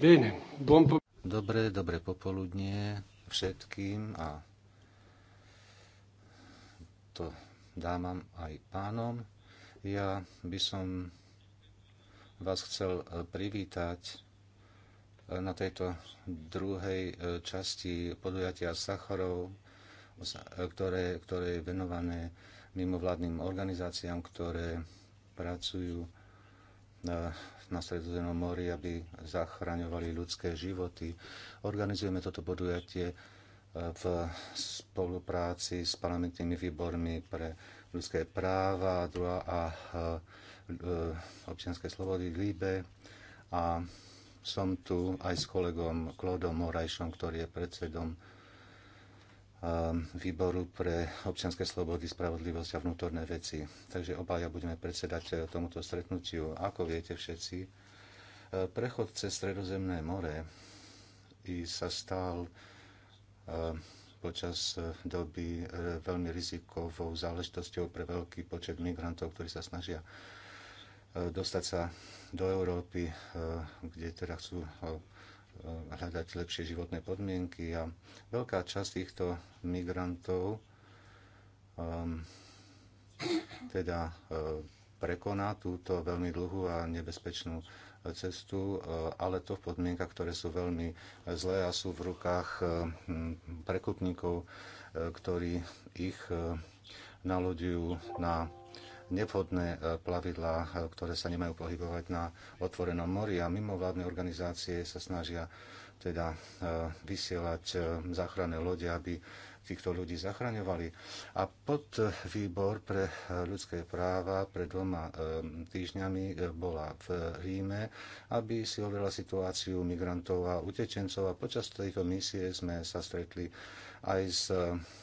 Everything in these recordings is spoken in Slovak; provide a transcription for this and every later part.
Dobre, dobre popoludnie všetkým a to dámam aj pánom. Ja by som vás chcel e, privítať e, na tejto druhej e, časti podujatia Sacharov, ktoré, ktoré je venované mimovládnym organizáciám, ktoré pracujú na Sredozemnom mori, aby zachraňovali ľudské životy. Organizujeme toto podujatie e, v spolupráci s parlamentnými výbormi pre ľudské práva druhá a e, e, občianské slobody Líbe. A som tu aj s kolegom Klodom Morajšom, ktorý je predsedom Um, výboru pre občianske slobody, spravodlivosť a vnútorné veci. Takže obaja budeme predsedať eh, tomuto stretnutiu. Ako viete všetci, eh, prechod cez Stredozemné more sa stal eh, počas doby veľmi rizikovou záležitosťou pre veľký počet migrantov, ktorí sa snažia dostať sa do Európy, kde teda chcú Eh, hľadať lepšie životné podmienky a veľká časť týchto migrantov um, teda eh, prekoná túto veľmi dlhú a nebezpečnú eh, cestu, ale to v podmienkach, ktoré sú veľmi zlé a sú v rukách hm, prekupníkov, ktorí ich naloďujú na nevhodné e, plavidlá, e, ktoré sa nemajú pohybovať na otvorenom mori a mimovládne organizácie sa snažia teda e, vysielať záchranné lode, aby týchto ľudí zachraňovali. A pod výbor pre ľudské práva pred dvoma týždňami bola v Ríme, aby si overila situáciu migrantov a utečencov a počas tejto misie sme sa stretli aj s e,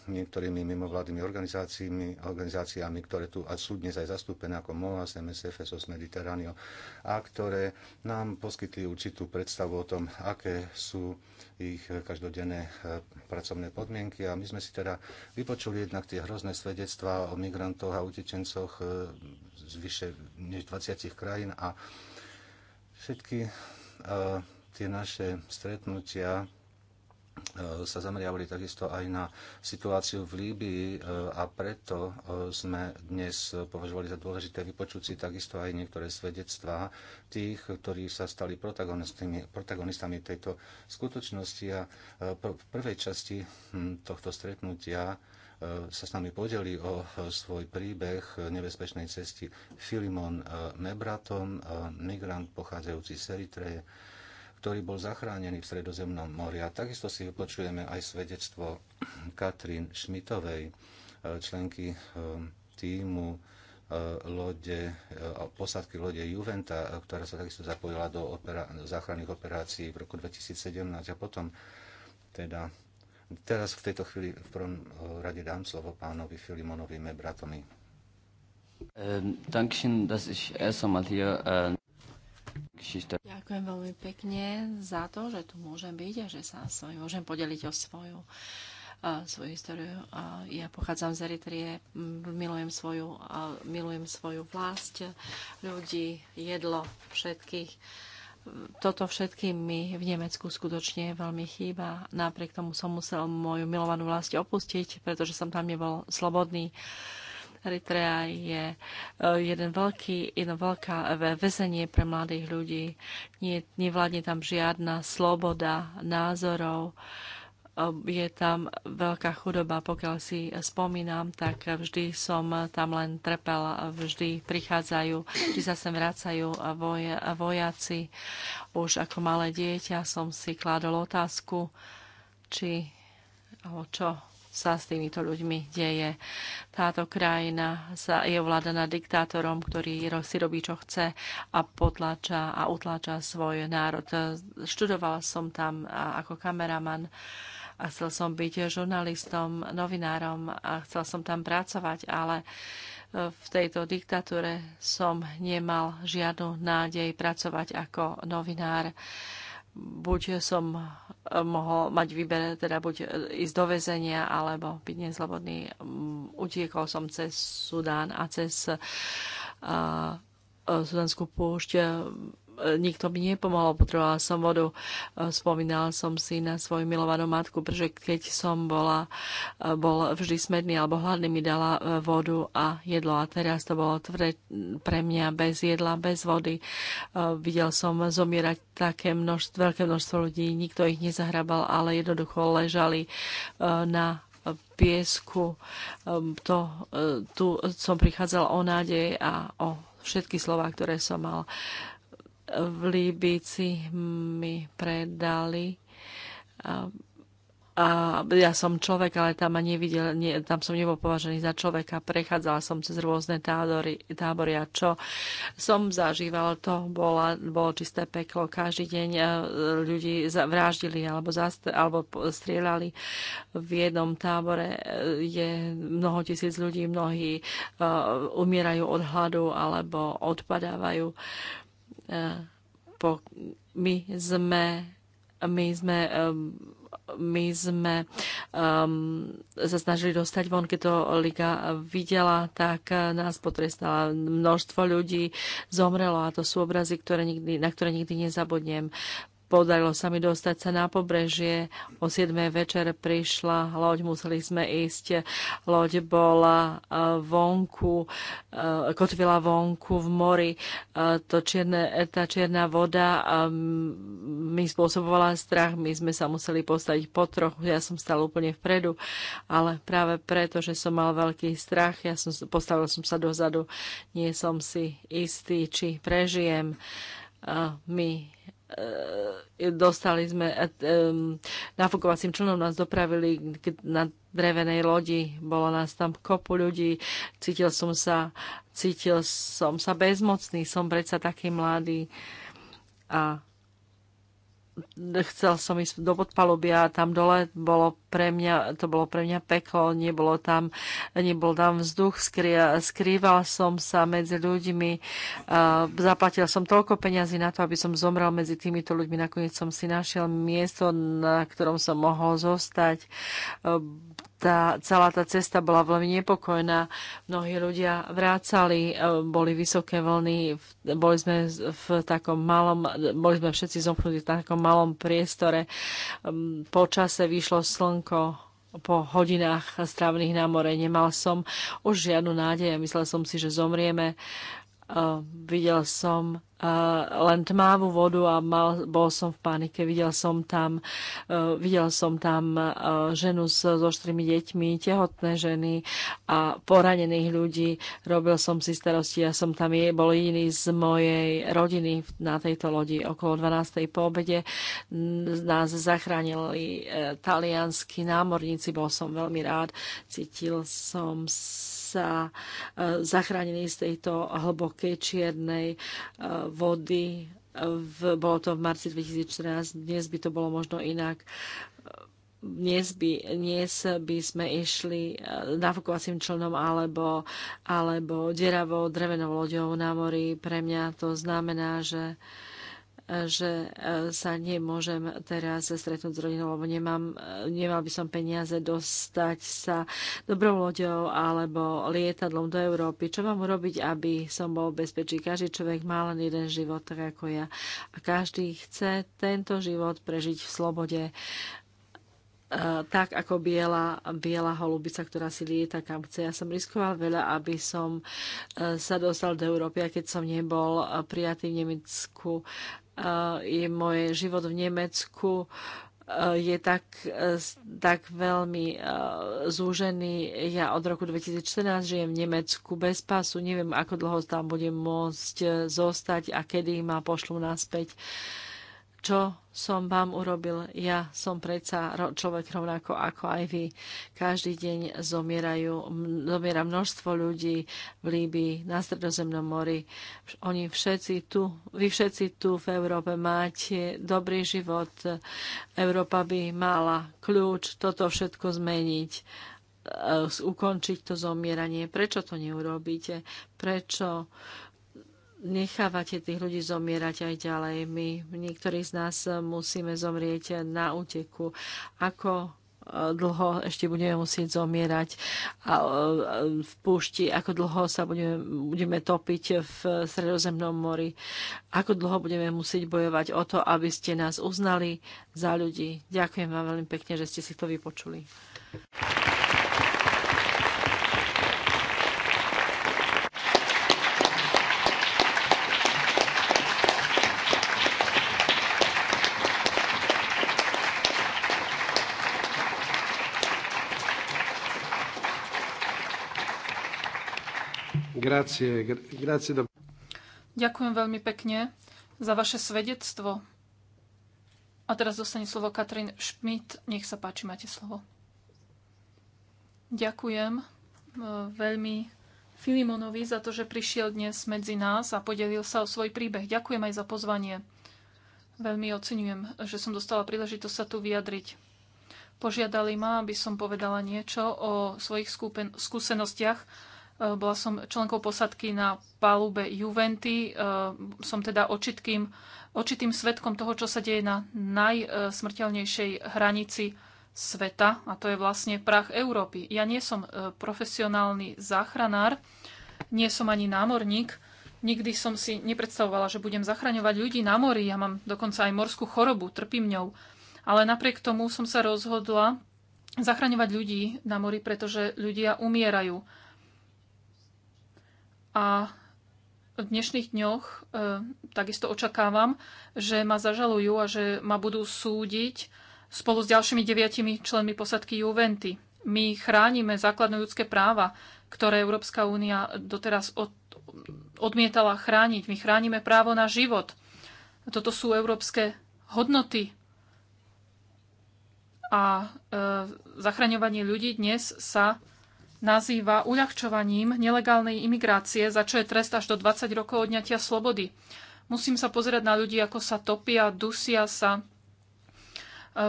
niektorými mimovládnymi organizáciami, organizáciami, ktoré tu sú dnes aj zastúpené ako MOAS, MSF, SOS Mediterráneo a ktoré nám poskytli určitú predstavu o tom, aké sú ich každodenné e, pracovné podmienky a my sme si teda vypočuli jednak tie hrozné svedectvá o migrantoch a utečencoch e, z vyše než 20 krajín a všetky tie naše stretnutia Eh, sa zameriavali takisto aj na situáciu v Líbii eh, a preto eh, sme dnes považovali za dôležité vypočuť si takisto aj niektoré svedectvá tých, ktorí sa stali protagonistami, protagonistami tejto skutočnosti a v prvej časti hm, tohto stretnutia sa s nami podeli o svoj príbeh nebezpečnej cesty Filimon Mebratom, migrant pochádzajúci z Eritreje, ktorý bol zachránený v Sredozemnom mori. A takisto si vypočujeme aj svedectvo Katrin Šmitovej, e, členky e, týmu e, lode, posádky lode Juventa, ktorá sa takisto zapojila do opera- záchranných operácií v roku 2017 a potom teda Teraz v tejto chvíli v prvom rade dám slovo pánovi Filimonovi Mebratomi. Ehm, dankeschön, dass ich erst einmal hier... Äh, Ďakujem veľmi pekne za to, že tu môžem byť a že sa s vami môžem podeliť o svoju svoju históriu. Ja pochádzam z Eritrie, milujem svoju, milujem svoju vlast, ľudí, jedlo, všetkých. Toto všetkým mi v Nemecku skutočne veľmi chýba. Napriek tomu som musel moju milovanú vlast opustiť, pretože som tam nebol slobodný. Uh, Eritrea je eh, jeden veľký, jedno veľká väzenie pre mladých ľudí. Nie, nevládne tam žiadna sloboda názorov. Eh, je tam veľká chudoba, pokiaľ si spomínam, tak vždy som tam len trpel, vždy prichádzajú, vždy sa sem vracajú voj, vojaci. Už ako malé dieťa som si kládol otázku, či alebo čo sa s týmito ľuďmi deje. Táto krajina sa je ovládaná diktátorom, ktorý si robí, čo chce a potlača a utláča svoj národ. Študovala som tam ako kameraman a chcel som byť žurnalistom, novinárom a chcel som tam pracovať, ale e, v tejto diktatúre som nemal žiadnu nádej pracovať ako novinár buď som eh, mohol mať výber, teda buď eh, ísť do väzenia, alebo byť nezlobodný. Mm, utiekol som cez Sudán a cez uh, Sudanskú púšť. E, nikto mi nepomohol, potrebovala som vodu. E, spomínala som si na svoju milovanú matku, pretože keď som bola, e, bol vždy smedný alebo hladný, mi dala vodu a jedlo. A teraz to bolo tvrdé pre mňa bez jedla, bez vody. Videl som zomierať také množstvo, veľké množstvo ľudí, nikto ich nezahrabal, ale jednoducho ležali na piesku. To, tu som prichádzal o nádej a o všetky slova, ktoré som mal v Líbici mi predali a, a ja som človek, ale tam ma nevidel, nie, tam som nebol považený za človeka. Prechádzala som cez rôzne tábory, tábory a čo som zažíval, to bola, bolo čisté peklo. Každý deň e, ľudí vraždili alebo, zastre, alebo strieľali. V jednom tábore e, je mnoho tisíc ľudí, mnohí uh, umierajú od hladu alebo odpadávajú. Uh, po, my sme, my sme my sme um, sa snažili dostať von, keď to Liga videla, tak eh, nás potrestala. Množstvo ľudí zomrelo a to sú obrazy, ktoré nikdy, na ktoré nikdy nezabudnem. Podarilo sa mi dostať sa na pobrežie. O 7. večer prišla loď, museli sme ísť. Loď bola e, vonku, e, kotvila vonku v mori. E, to čierne, tá čierna voda mi spôsobovala strach. My sme sa museli postaviť po trochu. Ja som stal úplne vpredu, ale práve preto, že som mal veľký strach, ja som, postavil som sa dozadu. Nie som si istý, či prežijem. My E, dostali sme e, e, nafukovacím člnom nás dopravili na drevenej lodi, bolo nás tam kopu ľudí, cítil som sa, cítil som sa bezmocný, som predsa taký mladý a chcel som ísť do podpalubia a tam dole bolo pre mňa, to bolo pre mňa peklo, nebolo tam, nebol tam vzduch, skrý, skrýval som sa medzi ľuďmi, zaplatil som toľko peňazí na to, aby som zomrel medzi týmito ľuďmi, nakoniec som si našiel miesto, na ktorom som mohol zostať tá, celá tá cesta bola veľmi nepokojná. Mnohí ľudia vrácali, e, boli vysoké vlny, boli sme v takom malom, boli sme všetci zomknutí v takom malom priestore. Ehm, po čase vyšlo slnko, po hodinách strávnych na more. Nemal som už žiadnu nádej a myslel som si, že zomrieme. Uh, videl som uh, len tmavú vodu a mal, bol som v panike. Videl som tam, uh, videl som tam uh, ženu s, so štyrmi deťmi, tehotné ženy a poranených ľudí. Robil som si starosti, ja som tam je, bol jediný z mojej rodiny na tejto lodi. Okolo 12. po obede mm, nás zachránili uh, talianskí námorníci, bol som veľmi rád. Cítil som sa sa e, zachránili z tejto hlbokej čiernej e, vody. V, bolo to v marci 2014, dnes by to bolo možno inak dnes by, dnes by sme išli e, nafukovacím členom alebo, alebo deravou drevenou loďou na mori. Pre mňa to znamená, že uh, že e, sa nemôžem teraz stretnúť s rodinou, lebo nemám, e, nemal by som peniaze dostať sa dobrou loďou alebo lietadlom do Európy. Čo mám urobiť, aby som bol bezpečí? Každý človek má len jeden život, tak ako ja. A každý chce tento život prežiť v slobode e, tak ako biela, biela holubica, ktorá si lieta kam chce. Ja som riskoval veľa, aby som sa dostal do Európy, a keď som nebol prijatý v Nemecku, je môj život v Nemecku e, je tak, e, tak veľmi e, zúžený. Ja od roku 2014 žijem v Nemecku bez pasu. Neviem, ako dlho tam budem môcť zostať a kedy ma pošlú naspäť. Uh, čo som vám urobil. Ja som predsa človek rovnako ako aj vy. Každý deň zomierajú, zomiera množstvo ľudí v Líbii, na Stredozemnom mori. Oni všetci tu, vy všetci tu v Európe máte dobrý život. Európa by mala kľúč toto všetko zmeniť e, ukončiť to zomieranie. Prečo to neurobíte? Prečo uh, nechávate tých ľudí zomierať aj ďalej. My, niektorí z nás musíme zomrieť na úteku. Ako e, dlho ešte budeme musieť zomierať a, e, v púšti, ako dlho sa budeme, budeme topiť v Sredozemnom mori, ako dlho budeme musieť bojovať o to, aby ste nás uznali za ľudí. Ďakujem vám veľmi pekne, že ste si to vypočuli. Grazie, grazie Ďakujem veľmi pekne za vaše svedectvo. A teraz dostane slovo Katrin Schmidt. Nech sa páči, máte slovo. Ďakujem e, veľmi Filimonovi za to, že prišiel dnes medzi nás a podelil sa o svoj príbeh. Ďakujem aj za pozvanie. Veľmi oceňujem, že som dostala príležitosť sa tu vyjadriť. Požiadali ma, aby som povedala niečo o svojich skúpen- skúsenostiach Eh, bola som členkou posadky na palube Juventy. Eh, som teda očitkým, očitým svetkom toho, čo sa deje na najsmrteľnejšej hranici sveta, a to je vlastne prach Európy. Ja nie som eh, profesionálny záchranár, nie som ani námorník, Nikdy som si nepredstavovala, že budem zachraňovať ľudí na mori. Ja mám dokonca aj morskú chorobu, trpím ňou. Ale napriek tomu som sa rozhodla zachraňovať ľudí na mori, pretože ľudia umierajú a v dnešných dňoch e, takisto očakávam, že ma zažalujú a že ma budú súdiť spolu s ďalšími deviatimi členmi posadky Juventy. My chránime základné ľudské práva, ktoré Európska únia doteraz od, odmietala chrániť. My chránime právo na život. Toto sú európske hodnoty. A e, zachraňovanie ľudí dnes sa nazýva uľahčovaním nelegálnej imigrácie, za čo je trest až do 20 rokov odňatia slobody. Musím sa pozerať na ľudí, ako sa topia, dusia sa, e,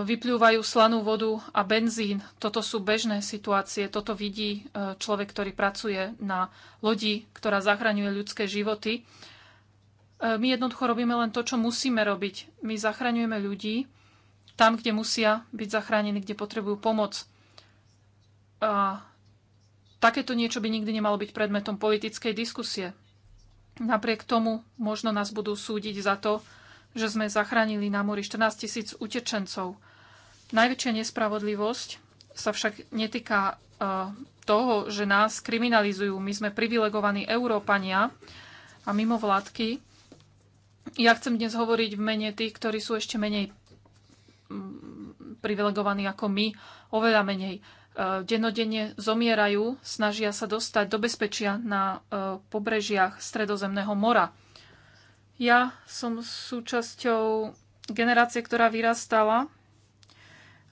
vyplúvajú slanú vodu a benzín. Toto sú bežné situácie. Toto vidí e, človek, ktorý pracuje na lodi, ktorá zachraňuje ľudské životy. E, my jednoducho robíme len to, čo musíme robiť. My zachraňujeme ľudí tam, kde musia byť zachránení, kde potrebujú pomoc. A Takéto niečo by nikdy nemalo byť predmetom politickej diskusie. Napriek tomu možno nás budú súdiť za to, že sme zachránili na mori 14 tisíc utečencov. Najväčšia nespravodlivosť sa však netýka e, toho, že nás kriminalizujú. My sme privilegovaní Európania a mimovládky. Ja chcem dnes hovoriť v mene tých, ktorí sú ešte menej mm, privilegovaní ako my, oveľa menej. E, Denodene zomierajú, snažia sa dostať do bezpečia na e, pobrežiach Stredozemného mora. Ja som súčasťou generácie, ktorá vyrastala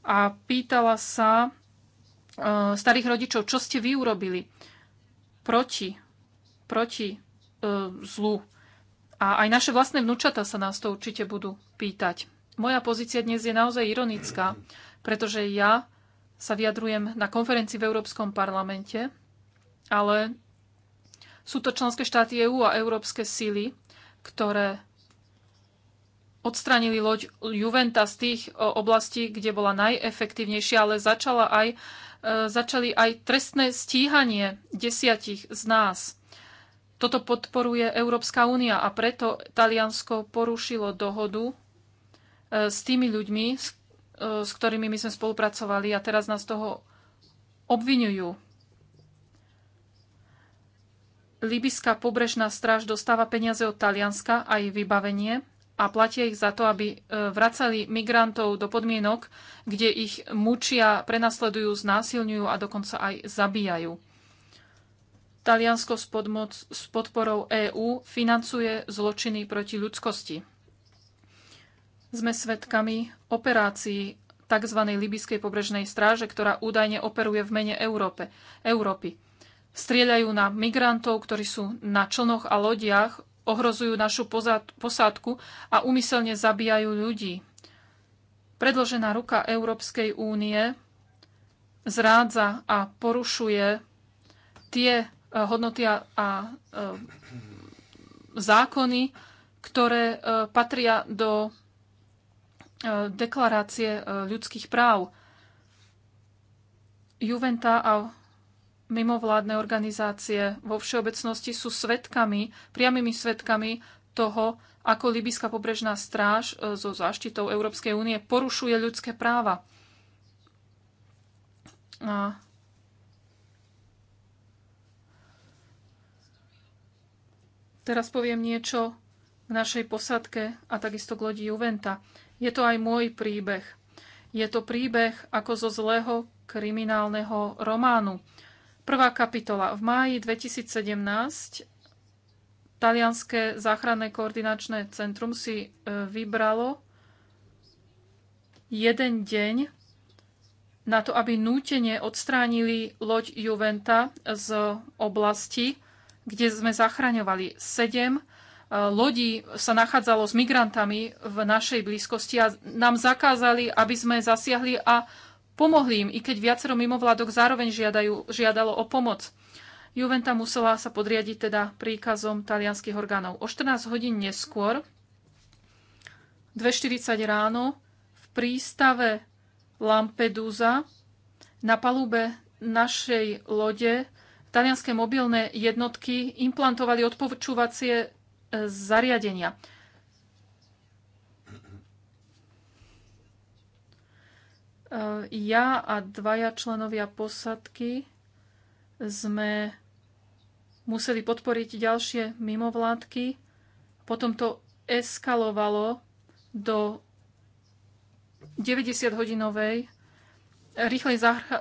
a pýtala sa e, starých rodičov, čo ste vy urobili proti, proti zlu. A aj naše vlastné vnúčata sa nás to určite budú pýtať. Moja pozícia dnes je naozaj ironická, pretože ja sa vyjadrujem na konferencii v Európskom parlamente, ale sú to členské štáty EÚ EU a európske síly, ktoré odstranili loď Juventa z tých eh, oblastí, kde bola najefektívnejšia, ale začala aj, eh, začali aj trestné stíhanie desiatich z nás. Toto podporuje Európska únia a preto Taliansko porušilo dohodu eh, s tými ľuďmi, s E, s ktorými my sme spolupracovali a teraz nás toho obvinujú. Libyská pobrežná stráž dostáva peniaze od Talianska aj vybavenie a platia ich za to, aby e, vracali migrantov do podmienok, kde ich mučia, prenasledujú, znásilňujú a dokonca aj zabíjajú. Taliansko s, s podporou EÚ financuje zločiny proti ľudskosti sme svedkami operácií tzv. libyskej pobrežnej stráže, ktorá údajne operuje v mene Európe, Európy. Strieľajú na migrantov, ktorí sú na člnoch a lodiach, ohrozujú našu posádku a úmyselne zabíjajú ľudí. Predložená ruka Európskej únie zrádza a porušuje tie eh, hodnoty a, a eh, zákony, ktoré eh, patria do E, deklarácie e, ľudských práv. Juventa a mimovládne organizácie vo všeobecnosti sú svetkami, priamými svetkami toho, ako Libyská pobrežná stráž e, so záštitou Európskej únie porušuje ľudské práva. A teraz poviem niečo k našej posadke a takisto k lodi Juventa. Je to aj môj príbeh. Je to príbeh ako zo zlého kriminálneho románu. Prvá kapitola. V máji 2017 Talianské záchranné koordinačné centrum si e, vybralo jeden deň na to, aby nútene odstránili loď Juventa z oblasti, kde sme zachraňovali sedem lodí sa nachádzalo s migrantami v našej blízkosti a nám zakázali, aby sme zasiahli a pomohli im, i keď viacero mimovládok zároveň žiadajú, žiadalo o pomoc. Juventa musela sa podriadiť teda príkazom talianských orgánov. O 14 hodín neskôr, 2.40 ráno, v prístave Lampedusa na palube našej lode talianské mobilné jednotky implantovali odpočúvacie zariadenia. Ja a dvaja členovia posadky sme museli podporiť ďalšie mimovládky. Potom to eskalovalo do 90-hodinovej rýchlej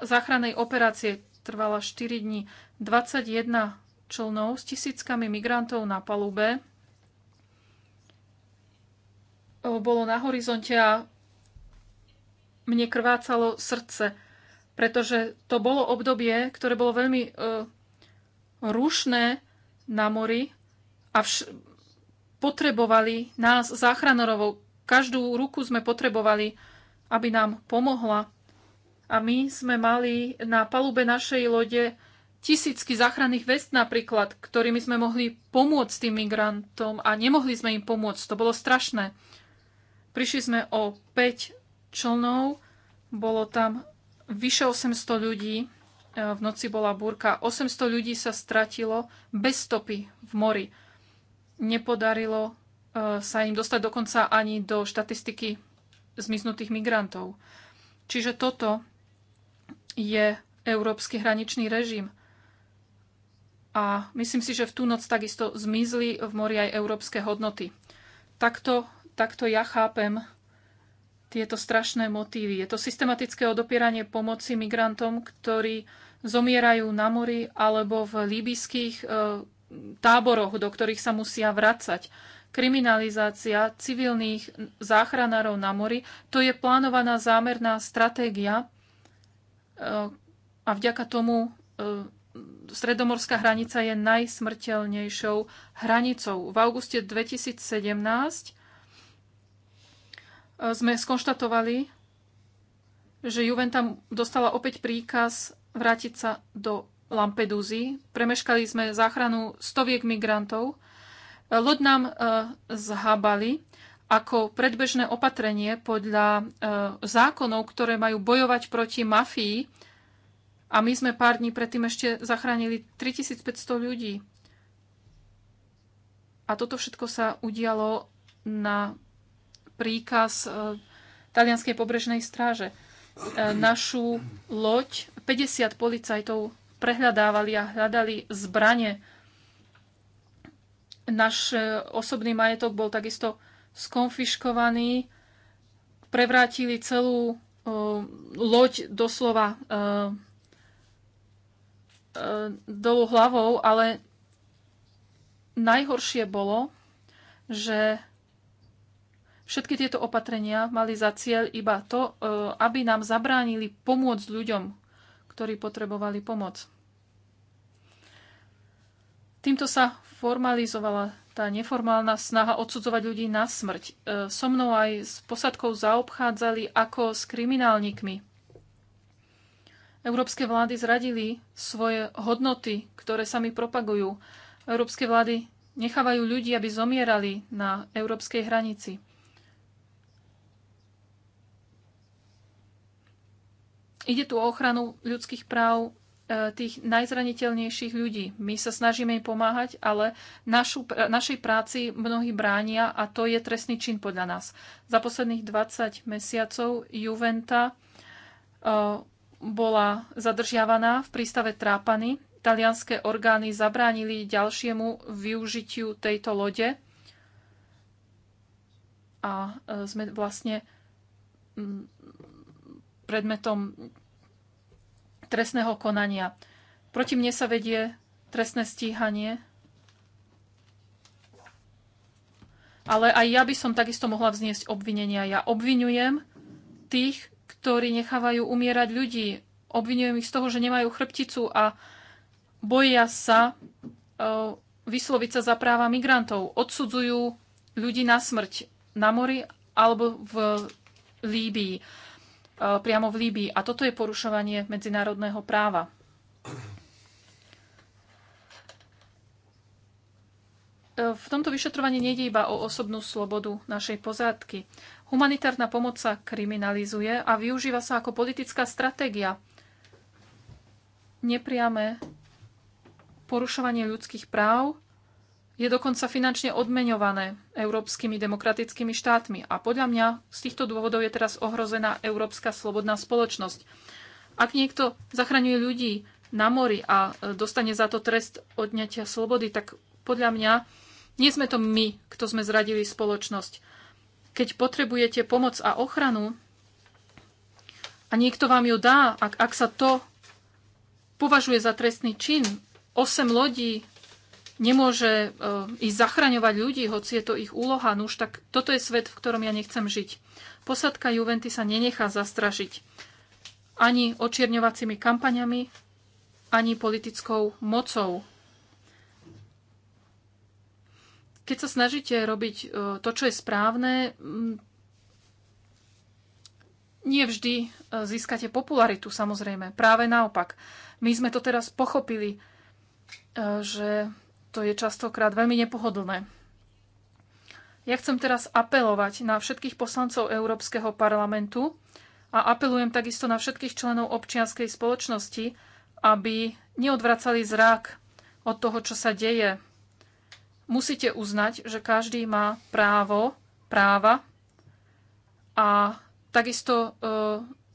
záchrannej operácie. Trvala 4 dní. 21 člnov s tisíckami migrantov na palube bolo na horizonte a mne krvácalo srdce, pretože to bolo obdobie, ktoré bolo veľmi e, rušné na mori a vš- potrebovali nás záchranorov. Každú ruku sme potrebovali, aby nám pomohla. A my sme mali na palube našej lode tisícky záchranných vest napríklad, ktorými sme mohli pomôcť tým migrantom a nemohli sme im pomôcť. To bolo strašné. Prišli sme o 5 člnov, bolo tam vyše 800 ľudí, e, v noci bola búrka, 800 ľudí sa stratilo bez stopy v mori. Nepodarilo e, sa im dostať dokonca ani do štatistiky zmiznutých migrantov. Čiže toto je európsky hraničný režim. A myslím si, že v tú noc takisto zmizli v mori aj európske hodnoty. Takto takto ja chápem tieto strašné motívy. Je to systematické odopieranie pomoci migrantom, ktorí zomierajú na mori alebo v líbyských e, táboroch, do ktorých sa musia vracať. Kriminalizácia civilných záchranárov na mori, to je plánovaná zámerná stratégia e, a vďaka tomu e, stredomorská hranica je najsmrteľnejšou hranicou. V auguste 2017 E, sme skonštatovali, že Juventa dostala opäť príkaz vrátiť sa do Lampedúzy. Premeškali sme záchranu stoviek migrantov. E, loď nám e, zhábali ako predbežné opatrenie podľa zákonov, ktoré majú bojovať proti mafii. A my sme pár dní predtým ešte zachránili 3500 ľudí. A toto všetko sa udialo na príkaz e, talianskej pobrežnej stráže. E, našu loď 50 policajtov prehľadávali a hľadali zbranie. Náš e, osobný majetok bol takisto skonfiškovaný. Prevrátili celú loď doslova dolu hlavou, ale najhoršie bolo, že Všetky tieto opatrenia mali za cieľ iba to, e, aby nám zabránili pomôcť ľuďom, ktorí potrebovali pomoc. Týmto sa formalizovala tá neformálna snaha odsudzovať ľudí na smrť. E, so mnou aj s posadkou zaobchádzali ako s kriminálnikmi. Európske vlády zradili svoje hodnoty, ktoré sami propagujú. Európske vlády nechávajú ľudí, aby zomierali na európskej hranici. Ide tu o ochranu ľudských práv e, tých najzraniteľnejších ľudí. My sa snažíme im pomáhať, ale našu, našej práci mnohí bránia a to je trestný čin podľa nás. Za posledných 20 mesiacov Juventa e, bola zadržiavaná v prístave Trápany. Talianské orgány zabránili ďalšiemu využitiu tejto lode a e, sme vlastne predmetom trestného konania. Proti mne sa vedie trestné stíhanie, ale aj ja by som takisto mohla vzniesť obvinenia. Ja obvinujem tých, ktorí nechávajú umierať ľudí. Obvinujem ich z toho, že nemajú chrbticu a boja sa e, vysloviť sa za práva migrantov. Odsudzujú ľudí na smrť na mori alebo v Líbii. Eh, priamo v Líbii. A toto je porušovanie medzinárodného práva. Eh, v tomto vyšetrovaní nejde iba o osobnú slobodu našej pozádky. Humanitárna pomoc sa kriminalizuje a využíva sa ako politická stratégia. Nepriame porušovanie ľudských práv je dokonca finančne odmeňované európskymi demokratickými štátmi. A podľa mňa z týchto dôvodov je teraz ohrozená európska slobodná spoločnosť. Ak niekto zachraňuje ľudí na mori a e, dostane za to trest odňatia slobody, tak podľa mňa nie sme to my, kto sme zradili spoločnosť. Keď potrebujete pomoc a ochranu a niekto vám ju dá, ak, ak sa to považuje za trestný čin, 8 lodí nemôže e, ísť zachraňovať ľudí, hoci je to ich úloha. No už tak toto je svet, v ktorom ja nechcem žiť. Posadka Juventy sa nenechá zastražiť ani očierňovacími kampaňami, ani politickou mocou. Keď sa snažíte robiť e, to, čo je správne, nie vždy e, získate popularitu, samozrejme. Práve naopak. My sme to teraz pochopili, že to je častokrát veľmi nepohodlné. Ja chcem teraz apelovať na všetkých poslancov Európskeho parlamentu a apelujem takisto na všetkých členov občianskej spoločnosti, aby neodvracali zrak od toho, čo sa deje. Musíte uznať, že každý má právo, práva a takisto e,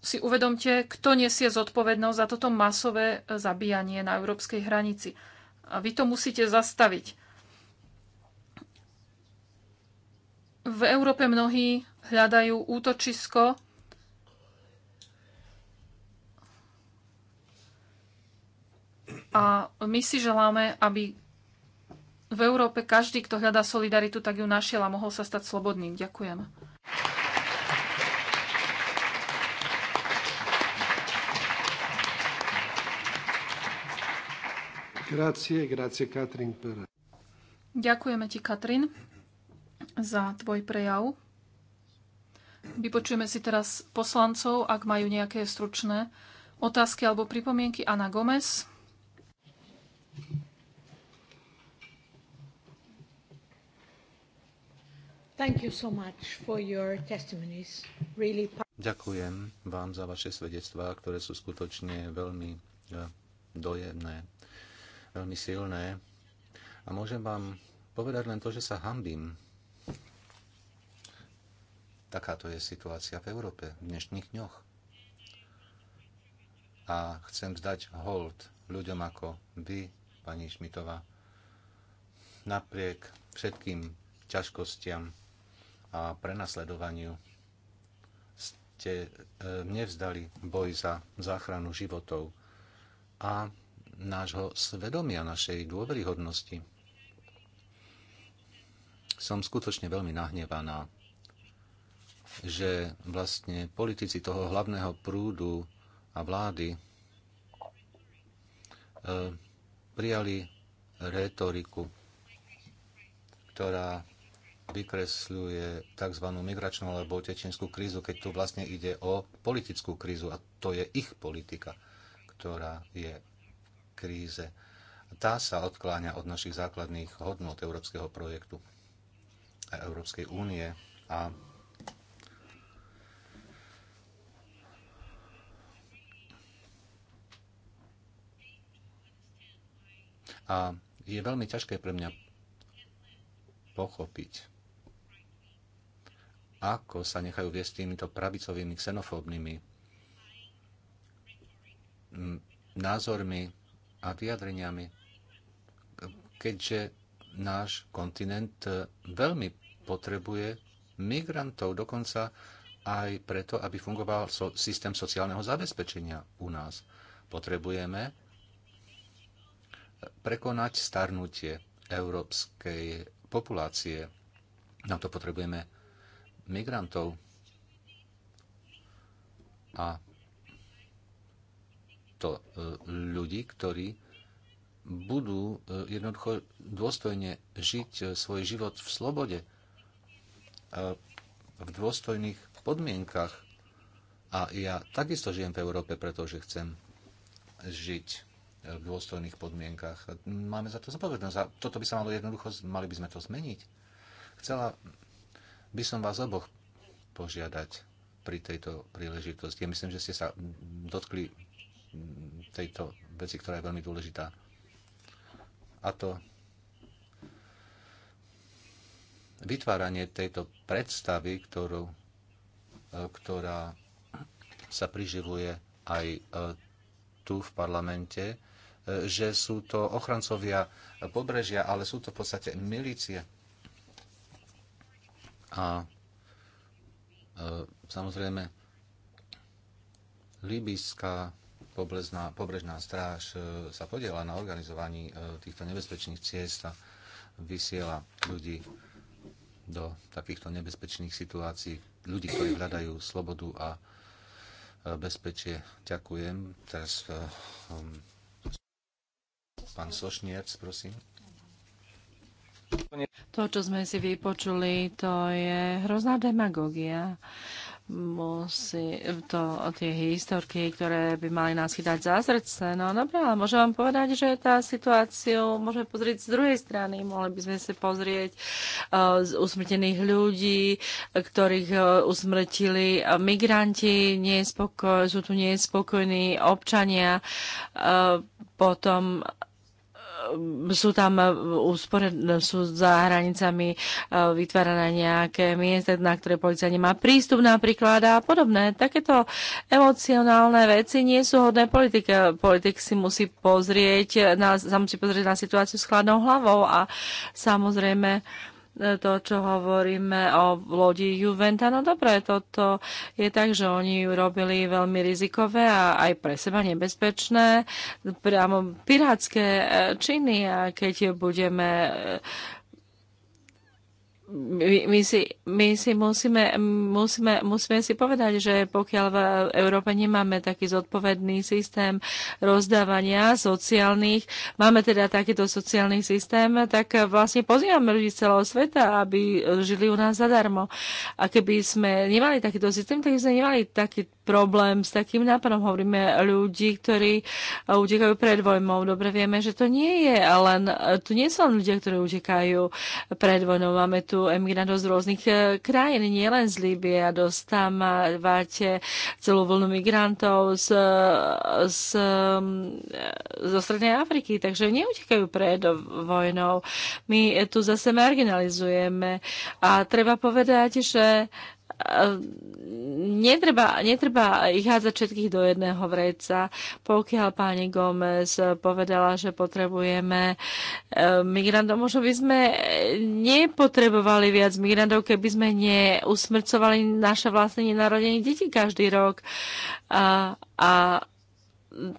si uvedomte, kto nesie zodpovednosť za toto masové zabíjanie na európskej hranici. A vy to musíte zastaviť. V Európe mnohí hľadajú útočisko a my si želáme, aby v Európe každý, kto hľadá solidaritu, tak ju našiel a mohol sa stať slobodným. Ďakujem. Grazie, grazie Katrin. Ďakujeme ti, Katrin, za tvoj prejav. Vypočujeme si teraz poslancov, ak majú nejaké stručné otázky alebo pripomienky. Ana Gomez. Ďakujem vám za vaše svedectvá, ktoré sú skutočne veľmi eh, dojemné veľmi silné. A môžem vám povedať len to, že sa hambím. Takáto je situácia v Európe v dnešných dňoch. A chcem vzdať hold ľuďom ako vy, pani Šmitová, napriek všetkým ťažkostiam a prenasledovaniu ste e, nevzdali boj za záchranu životov a nášho svedomia, našej dôveryhodnosti. Som skutočne veľmi nahnevaná, že vlastne politici toho hlavného prúdu a vlády e, prijali rétoriku, ktorá vykresľuje tzv. migračnú alebo utečenskú krízu, keď tu vlastne ide o politickú krízu a to je ich politika, ktorá je kríze. Tá sa odkláňa od našich základných hodnot európskeho projektu a Európskej únie a A je veľmi ťažké pre mňa pochopiť, ako sa nechajú viesť týmito pravicovými, xenofóbnymi názormi a vyjadreniami, keďže náš kontinent e, veľmi potrebuje migrantov, dokonca aj preto, aby fungoval so, systém sociálneho zabezpečenia u nás. Potrebujeme e, prekonať starnutie európskej populácie. Na to potrebujeme migrantov. A to e, ľudí, ktorí budú e, jednoducho dôstojne žiť e, svoj život v slobode, v dôstojných podmienkach. A ja takisto žijem v Európe, pretože chcem žiť v dôstojných podmienkach. Máme za to zodpovednosť. A toto by sa malo jednoducho, mali by sme to zmeniť. Chcela by som vás oboch požiadať pri tejto príležitosti. Ja myslím, že ste sa dotkli Mm, tejto veci, ktorá je veľmi dôležitá. A to vytváranie tejto predstavy, ktorú, e, ktorá sa priživuje aj e, tu v parlamente, e, že sú to ochrancovia pobrežia, ale sú to v podstate milície. A samozrejme, libyská pobrežná, pobrežná stráž e, sa podiela na organizovaní e, týchto nebezpečných ciest a vysiela ľudí do takýchto nebezpečných situácií, ľudí, ktorí hľadajú slobodu a e, bezpečie. Ďakujem. Teraz um, pán Sošniec, prosím. To, čo sme si vypočuli, to je hrozná demagogia musí, to, tie historky, ktoré by mali nás chydať za srdce. No dobre, ale môžem vám povedať, že tá situáciu môžeme pozrieť z druhej strany. Mohli by sme sa pozrieť uh, z usmrtených ľudí, ktorých uh, usmrtili eh, migranti, sú tu nespokojní občania. Uh, potom Ehm, sú tam e, úspore, sú za hranicami e, vytvárané nejaké miesta, na ktoré policia nemá prístup napríklad a podobné. Takéto emocionálne veci nie sú hodné politike. Politik si musí pozrieť na, sa musí pozrieť na situáciu s chladnou hlavou a samozrejme to, čo hovoríme o lodi Juventa, no dobre, toto je tak, že oni ju robili veľmi rizikové a aj pre seba nebezpečné, priamo pirátske eh, činy a keď budeme eh, my, my, si, my si musíme, musíme, musíme si povedať, že pokiaľ v Európe nemáme taký zodpovedný systém rozdávania sociálnych, máme teda takýto sociálny systém, tak vlastne pozývame ľudí z celého sveta, aby žili u nás zadarmo. A keby sme nemali takýto systém, tak by sme nemali taký problém s takým nápadom. Hovoríme ľudí, ktorí utekajú pred vojnou. Dobre vieme, že to nie je len, tu nie sú len ľudia, ktorí utekajú pred vojnou. Máme tu emigrantov z rôznych e, krajín, nielen z Líbie a dostávate celú vlnu migrantov z, z, zo Strednej Afriky, takže neutekajú pred vojnou. My tu zase marginalizujeme a treba povedať, že Ehm, netreba, netreba ich hádzať všetkých do jedného vreca. Pokiaľ pani Gomez povedala, že potrebujeme ehm, migrantov, možno by sme nepotrebovali viac migrantov, keby sme neusmrcovali naše vlastne nenarodené deti každý rok. A, a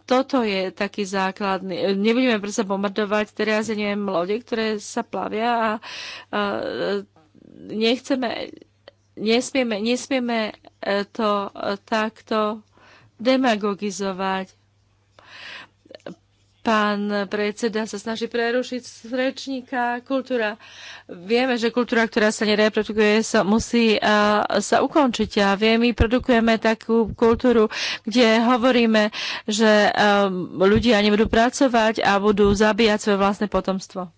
toto je taký základný. Nebudeme predsa bombardovať teraz, ja neviem, lode, ktoré sa plavia a, a nechceme nesmieme, nesmieme e, to e, takto demagogizovať. Pán predseda sa snaží prerušiť rečníka. Kultúra. Vieme, že kultúra, ktorá sa nereprodukuje, sa musí uh, sa ukončiť. A vie, my produkujeme takú kultúru, kde hovoríme, že um, ľudia nebudú pracovať a budú zabíjať svoje vlastné potomstvo.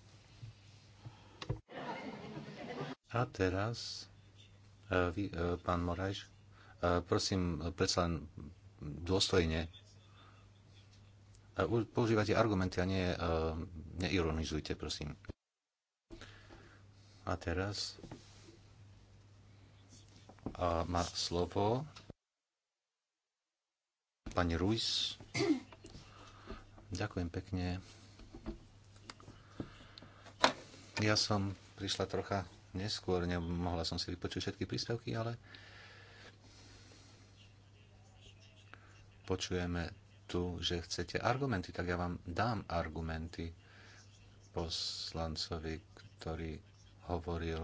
A teraz E, vy, e, pán Morajš, e, prosím, predsa len dôstojne. Používajte argumenty a nie, neironizujte, prosím. A teraz a má slovo pani Ruiz. Ďakujem pekne. Ja som prišla trocha neskôr, nemohla som si vypočuť všetky príspevky, ale počujeme tu, že chcete argumenty, tak ja vám dám argumenty poslancovi, ktorý hovoril,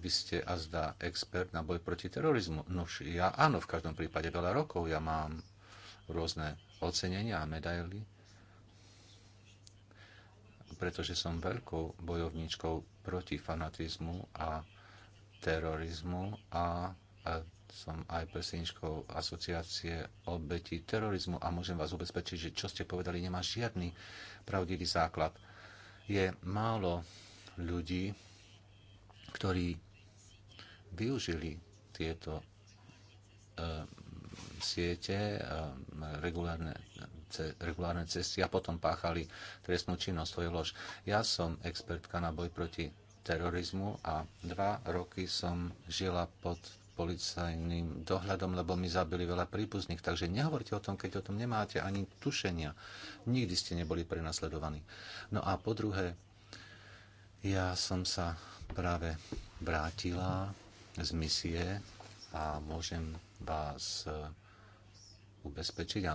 vy ste azda expert na boj proti terorizmu. No ja áno, v každom prípade veľa rokov ja mám rôzne ocenenia a medaily pretože som veľkou bojovníčkou proti fanatizmu a terorizmu a som aj predsedničkou asociácie obetí terorizmu a môžem vás ubezpečiť, že čo ste povedali nemá žiadny pravdivý základ. Je málo ľudí, ktorí využili tieto e, siete, e, regulárne ce, regulárne cesty a potom páchali trestnú činnosť, to je lož. Ja som expertka na boj proti terorizmu a dva roky som žila pod policajným dohľadom, lebo mi zabili veľa príbuzných. Takže nehovorte o tom, keď o tom nemáte ani tušenia. Nikdy ste neboli prenasledovaní. No a po druhé, ja som sa práve vrátila z misie a môžem vás ubezpečiť a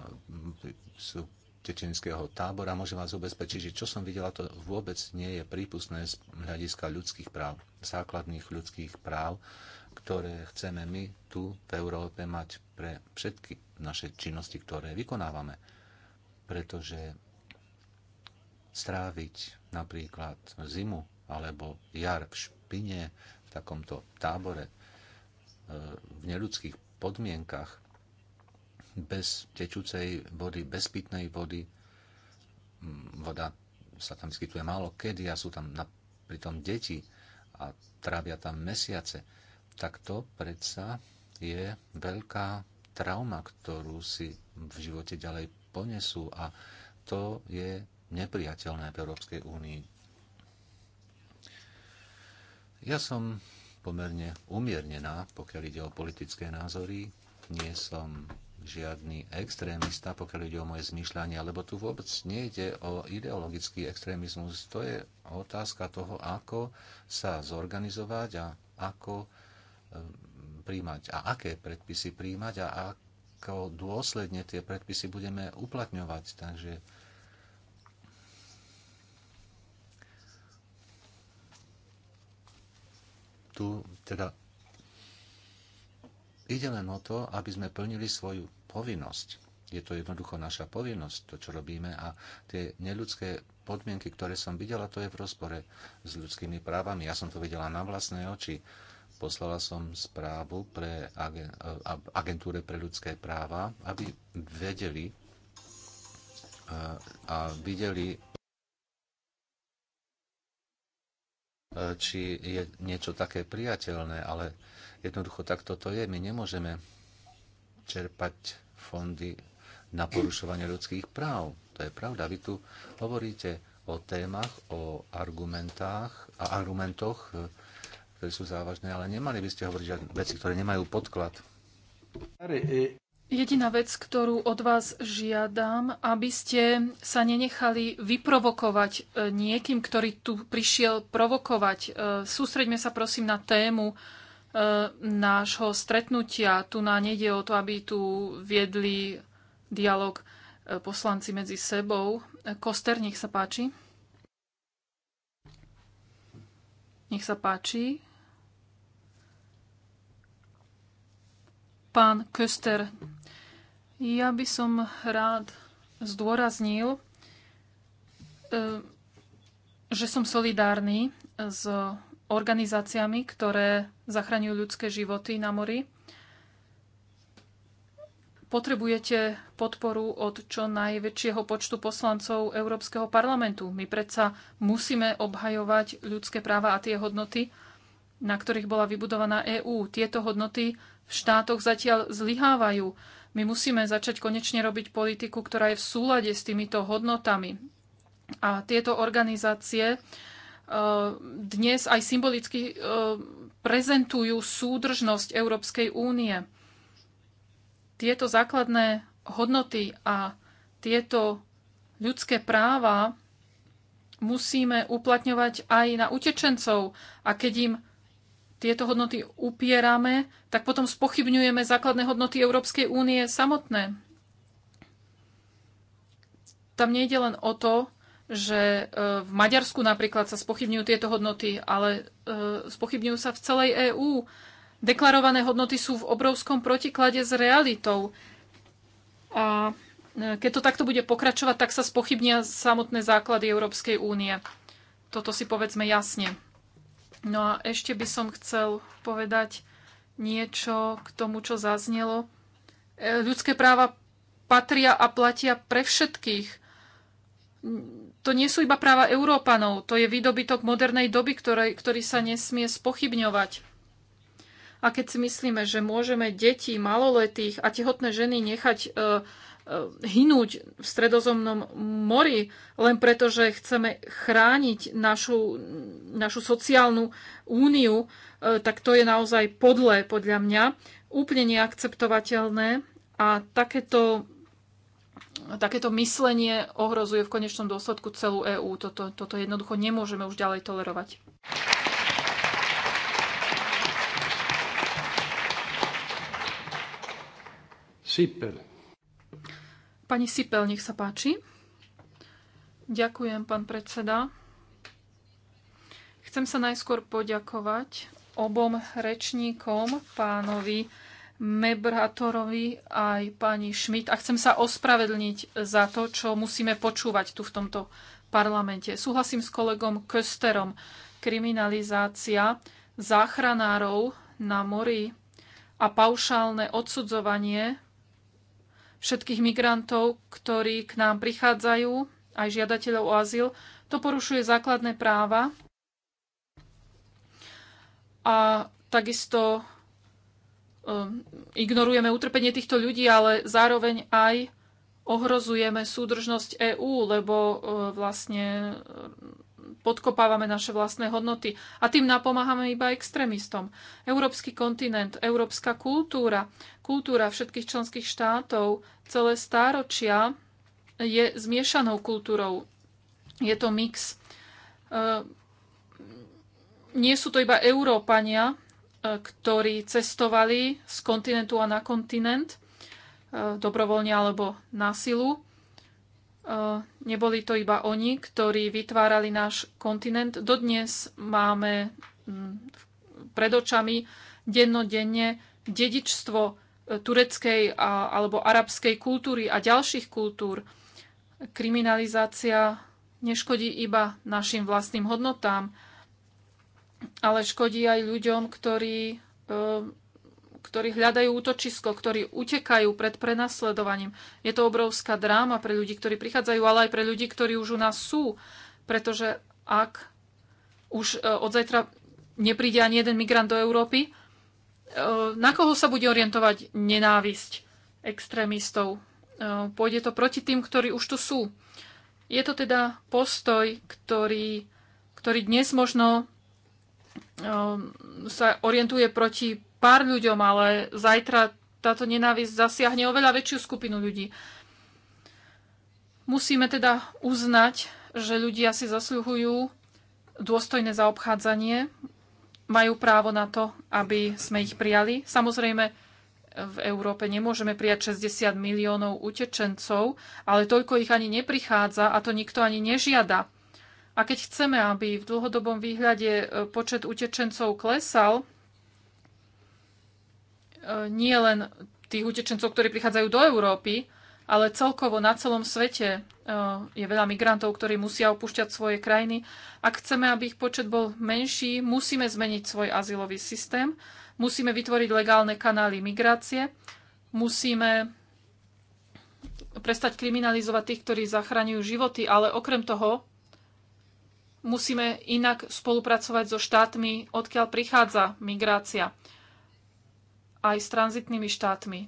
sú tečenského tábora. Môžem vás ubezpečiť, že čo som videla, to vôbec nie je prípustné z hľadiska ľudských práv, základných ľudských práv, ktoré chceme my tu v Európe mať pre všetky naše činnosti, ktoré vykonávame. Pretože stráviť napríklad zimu alebo jar v špine v takomto tábore e, v neľudských podmienkach bez tečúcej vody, bez pitnej vody. Mm, voda sa tam vyskytuje málo kedy a sú tam na, tom deti a trávia tam mesiace. Tak to predsa je veľká trauma, ktorú si v živote ďalej ponesú a to je nepriateľné v Európskej únii. Ja som pomerne umiernená, pokiaľ ide o politické názory. Nie som žiadny extrémista, pokiaľ ide o moje zmýšľanie, lebo tu vôbec nejde o ideologický extrémizmus. To je otázka toho, ako sa zorganizovať a ako eh, príjmať a aké predpisy príjmať a ako dôsledne tie predpisy budeme uplatňovať. Takže tu teda Ide len o to, aby sme plnili svoju povinnosť. Je to jednoducho naša povinnosť, to, čo robíme a tie neľudské podmienky, ktoré som videla, to je v rozpore s ľudskými právami. Ja som to videla na vlastné oči. Poslala som správu pre agentúre pre ľudské práva, aby vedeli eh, a videli, eh, či je niečo také priateľné, ale Jednoducho tak toto je. My nemôžeme čerpať fondy na porušovanie ľudských práv. To je pravda. Vy tu hovoríte o témach, o argumentách a argumentoch, eh, ktoré sú závažné, ale nemali by ste hovoriť veci, ktoré nemajú podklad. Jediná vec, ktorú od vás žiadam, aby ste sa nenechali vyprovokovať eh, niekým, ktorý tu prišiel provokovať. Eh, sústreďme sa prosím na tému, nášho stretnutia. Tu na nejde o to, aby tu viedli dialog e, poslanci medzi sebou. Koster, nech sa páči. Nech sa páči. Pán Köster, ja by som rád zdôraznil, e, že som solidárny s organizáciami, ktoré zachraňujú ľudské životy na mori. Potrebujete podporu od čo najväčšieho počtu poslancov Európskeho parlamentu. My predsa musíme obhajovať ľudské práva a tie hodnoty, na ktorých bola vybudovaná EÚ. Tieto hodnoty v štátoch zatiaľ zlyhávajú. My musíme začať konečne robiť politiku, ktorá je v súlade s týmito hodnotami. A tieto organizácie Eh, dnes aj symbolicky eh, prezentujú súdržnosť Európskej únie. Tieto základné hodnoty a tieto ľudské práva musíme uplatňovať aj na utečencov. A keď im tieto hodnoty upierame, tak potom spochybňujeme základné hodnoty Európskej únie samotné. Tam nejde len o to, že e, v Maďarsku napríklad sa spochybňujú tieto hodnoty, ale e, spochybňujú sa v celej EÚ. Deklarované hodnoty sú v obrovskom protiklade s realitou. A e, keď to takto bude pokračovať, tak sa spochybnia samotné základy Európskej únie. Toto si povedzme jasne. No a ešte by som chcel povedať niečo k tomu, čo zaznelo. Ľudské práva patria a platia pre všetkých to nie sú iba práva Európanov, to je výdobytok modernej doby, ktorý, ktorý sa nesmie spochybňovať. A keď si myslíme, že môžeme deti, maloletých a tehotné ženy nechať e, e hynúť v stredozomnom mori, len preto, že chceme chrániť našu, našu sociálnu úniu, e, tak to je naozaj podlé podľa mňa, úplne neakceptovateľné a takéto takéto myslenie ohrozuje v konečnom dôsledku celú EÚ. Toto, toto jednoducho nemôžeme už ďalej tolerovať. Sipel. Pani Sipel, nech sa páči. Ďakujem, pán predseda. Chcem sa najskôr poďakovať obom rečníkom, pánovi Mebrhatorovi aj pani Schmidt a chcem sa ospravedlniť za to, čo musíme počúvať tu v tomto parlamente. Súhlasím s kolegom Kösterom. Kriminalizácia záchranárov na mori a paušálne odsudzovanie všetkých migrantov, ktorí k nám prichádzajú, aj žiadateľov o azyl, to porušuje základné práva a takisto Ehm, ignorujeme utrpenie týchto ľudí, ale zároveň aj ohrozujeme súdržnosť EÚ, lebo ehm, vlastne ehm, podkopávame naše vlastné hodnoty a tým napomáhame iba extrémistom. Európsky kontinent, európska kultúra, kultúra všetkých členských štátov, celé stáročia je zmiešanou kultúrou. Je to mix. Nie sú to iba Európania, E, ktorí cestovali z kontinentu a na kontinent e, dobrovoľne alebo na silu. E, neboli to iba oni, ktorí vytvárali náš kontinent. Dodnes máme pred očami dennodenne dedičstvo tureckej a, alebo arabskej kultúry a ďalších kultúr. Kriminalizácia neškodí iba našim vlastným hodnotám, ale škodí aj ľuďom, ktorí, e, ktorí hľadajú útočisko, ktorí utekajú pred prenasledovaním. Je to obrovská dráma pre ľudí, ktorí prichádzajú, ale aj pre ľudí, ktorí už u nás sú, pretože ak už e, od zajtra nepríde ani jeden migrant do Európy, e, na koho sa bude orientovať nenávisť extrémistov? Pôjde to proti tým, ktorí už tu sú. Je to teda postoj, ktorý, ktorý dnes možno Ehm, sa orientuje proti pár ľuďom, ale zajtra táto nenávisť zasiahne oveľa väčšiu skupinu ľudí. Musíme teda uznať, že ľudia si zasluhujú dôstojné zaobchádzanie, majú právo na to, aby sme ich prijali. Samozrejme, v Európe nemôžeme prijať 60 miliónov utečencov, ale toľko ich ani neprichádza a to nikto ani nežiada. A keď chceme, aby v dlhodobom výhľade e, počet utečencov klesal, e, nie len tých utečencov, ktorí prichádzajú do Európy, ale celkovo na celom svete e, je veľa migrantov, ktorí musia opúšťať svoje krajiny. Ak chceme, aby ich počet bol menší, musíme zmeniť svoj azylový systém, musíme vytvoriť legálne kanály migrácie, musíme prestať kriminalizovať tých, ktorí zachraňujú životy, ale okrem toho musíme inak spolupracovať so štátmi, odkiaľ prichádza migrácia, aj s tranzitnými štátmi.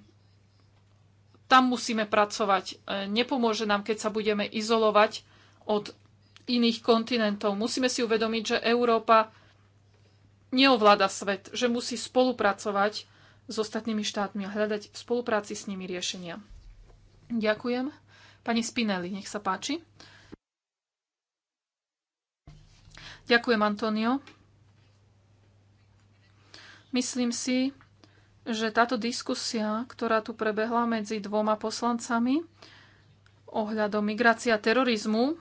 Tam musíme pracovať. E, nepomôže nám, keď sa budeme izolovať od iných kontinentov. Musíme si uvedomiť, že Európa neovláda svet, že musí spolupracovať s ostatnými štátmi a hľadať v spolupráci s nimi riešenia. Ďakujem. Pani Spinelli, nech sa páči. Ďakujem, Antonio. Myslím si, že táto diskusia, ktorá tu prebehla medzi dvoma poslancami ohľadom migrácia a terorizmu,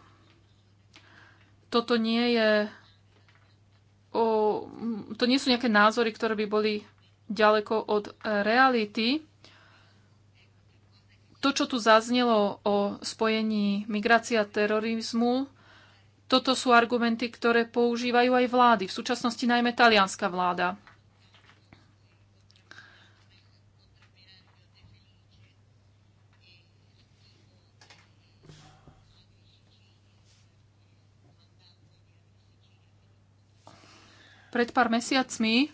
toto nie je o, to nie sú nejaké názory, ktoré by boli ďaleko od reality. To, čo tu zaznelo o spojení migrácia a terorizmu, toto sú argumenty, ktoré používajú aj vlády, v súčasnosti najmä talianská vláda. Pred pár mesiacmi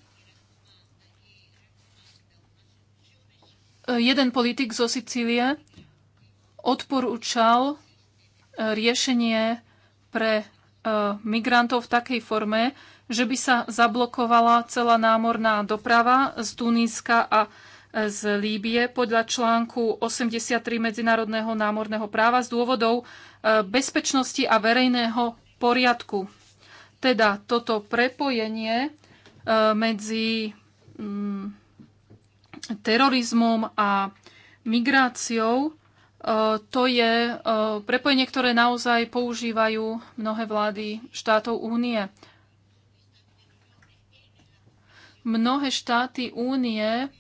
jeden politik zo Sicílie odporúčal riešenie pre e, migrantov v takej forme, že by sa zablokovala celá námorná doprava z Tuníska a e, z Líbie podľa článku 83 Medzinárodného námorného práva z dôvodov e, bezpečnosti a verejného poriadku. Teda toto prepojenie medzi mm, terorizmom a migráciou E, to je e, prepojenie, ktoré naozaj používajú mnohé vlády štátov únie. Mnohé štáty únie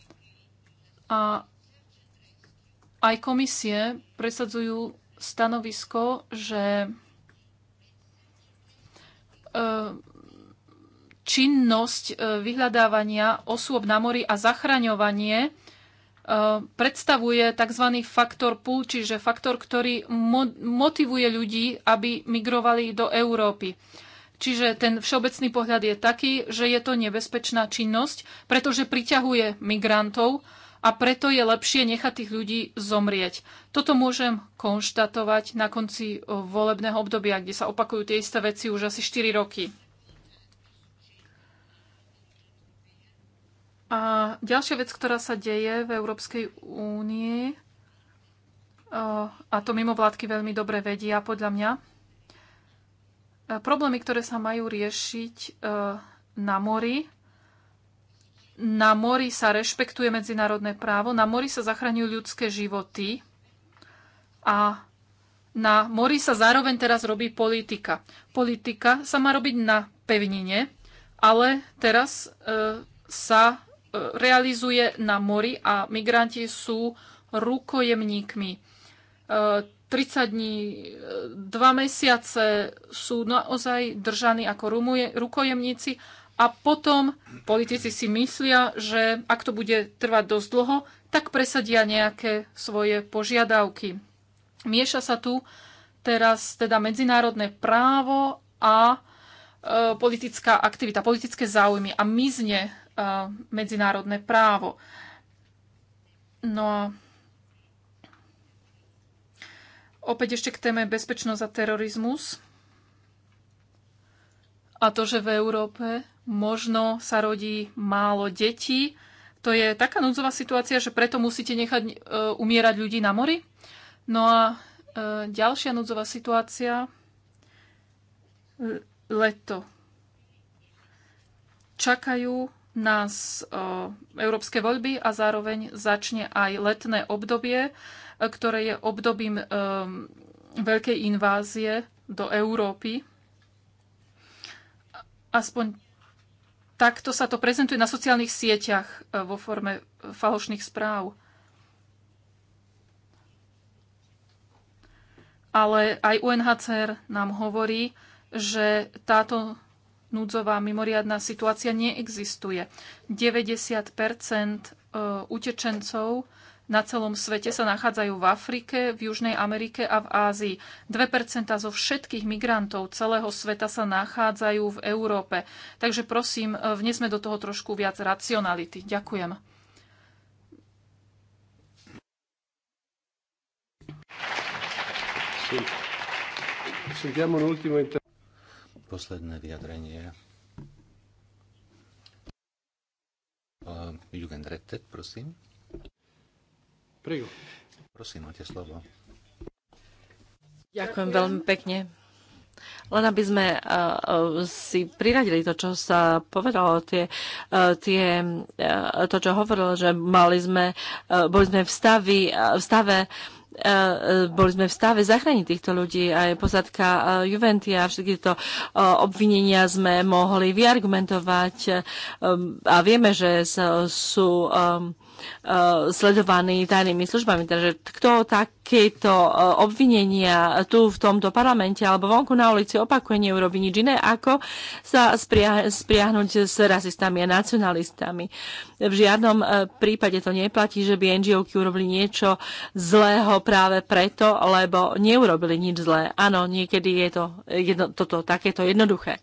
a aj komisie presadzujú stanovisko, že e, činnosť vyhľadávania osôb na mori a zachraňovanie predstavuje tzv. faktor pull, čiže faktor, ktorý mo motivuje ľudí, aby migrovali do Európy. Čiže ten všeobecný pohľad je taký, že je to nebezpečná činnosť, pretože priťahuje migrantov a preto je lepšie nechať tých ľudí zomrieť. Toto môžem konštatovať na konci volebného obdobia, kde sa opakujú tie isté veci už asi 4 roky. A ďalšia vec, ktorá sa deje v Európskej únii, eh, a to mimo vládky veľmi dobre vedia, podľa mňa, eh, problémy, ktoré sa majú riešiť eh, na mori, na mori sa rešpektuje medzinárodné právo, na mori sa zachraňujú ľudské životy a na mori sa zároveň teraz robí politika. Politika sa má robiť na pevnine, ale teraz e, sa realizuje na mori a migranti sú rukojemníkmi. 30 e, dní, 2 e, mesiace sú naozaj držaní ako rukojemníci a potom politici si myslia, že ak to bude trvať dosť dlho, tak presadia nejaké svoje požiadavky. Mieša sa tu teraz teda medzinárodné právo a e, politická aktivita, politické záujmy a mizne medzinárodné právo. No a opäť ešte k téme bezpečnosť a terorizmus. A to, že v Európe možno sa rodí málo detí, to je taká núdzová situácia, že preto musíte nechať e, umierať ľudí na mori. No a e, ďalšia núdzová situácia, leto. Čakajú nás európske voľby a zároveň začne aj letné obdobie, e, ktoré je obdobím e, veľkej invázie do Európy. Aspoň takto sa to prezentuje na sociálnych sieťach e, vo forme falošných správ. Ale aj UNHCR nám hovorí, že táto núdzová mimoriadná situácia neexistuje. 90 e, utečencov na celom svete sa nachádzajú v Afrike, v Južnej Amerike a v Ázii. 2% zo všetkých migrantov celého sveta sa nachádzajú v Európe. Takže prosím, e, vnesme do toho trošku viac racionality. Ďakujem. Sentiamo un ultimo intervento posledné vyjadrenie. Jürgen Rettet, prosím. Prijo. Prosím, máte slovo. Ďakujem veľmi pekne. Len aby sme uh, si priradili to, čo sa povedalo, tie, uh, tie, uh, to, čo hovoril, že mali sme, uh, boli sme v, stavi, uh, v stave uh, E, e, boli sme v stave zachrániť týchto ľudí. Aj posadka e, Juventy a všetky tieto obvinenia sme mohli vyargumentovať a vieme, že sú Eh, sledovaní tajnými službami. Takže kto takéto eh, obvinenia tu v tomto parlamente alebo vonku na ulici opakuje, neurobi nič iné, ako sa spriahnuť s rasistami a nacionalistami. V žiadnom eh, prípade to neplatí, že by NGOky urobili niečo zlého práve preto, lebo neurobili nič zlé. Áno, niekedy je to jedno, toto takéto jednoduché.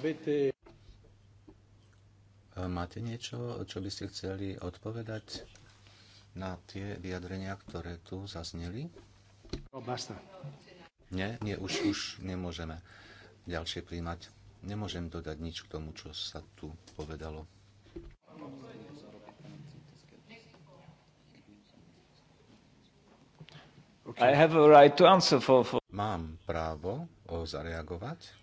avete... Máte niečo, čo by ste chceli odpovedať na tie vyjadrenia, ktoré tu zazneli? No, basta. Nie, nie, už, už nemôžeme ďalšie príjmať. Nemôžem dodať nič k tomu, čo sa tu povedalo. Okay. I have a right to answer for, for... Mám právo zareagovať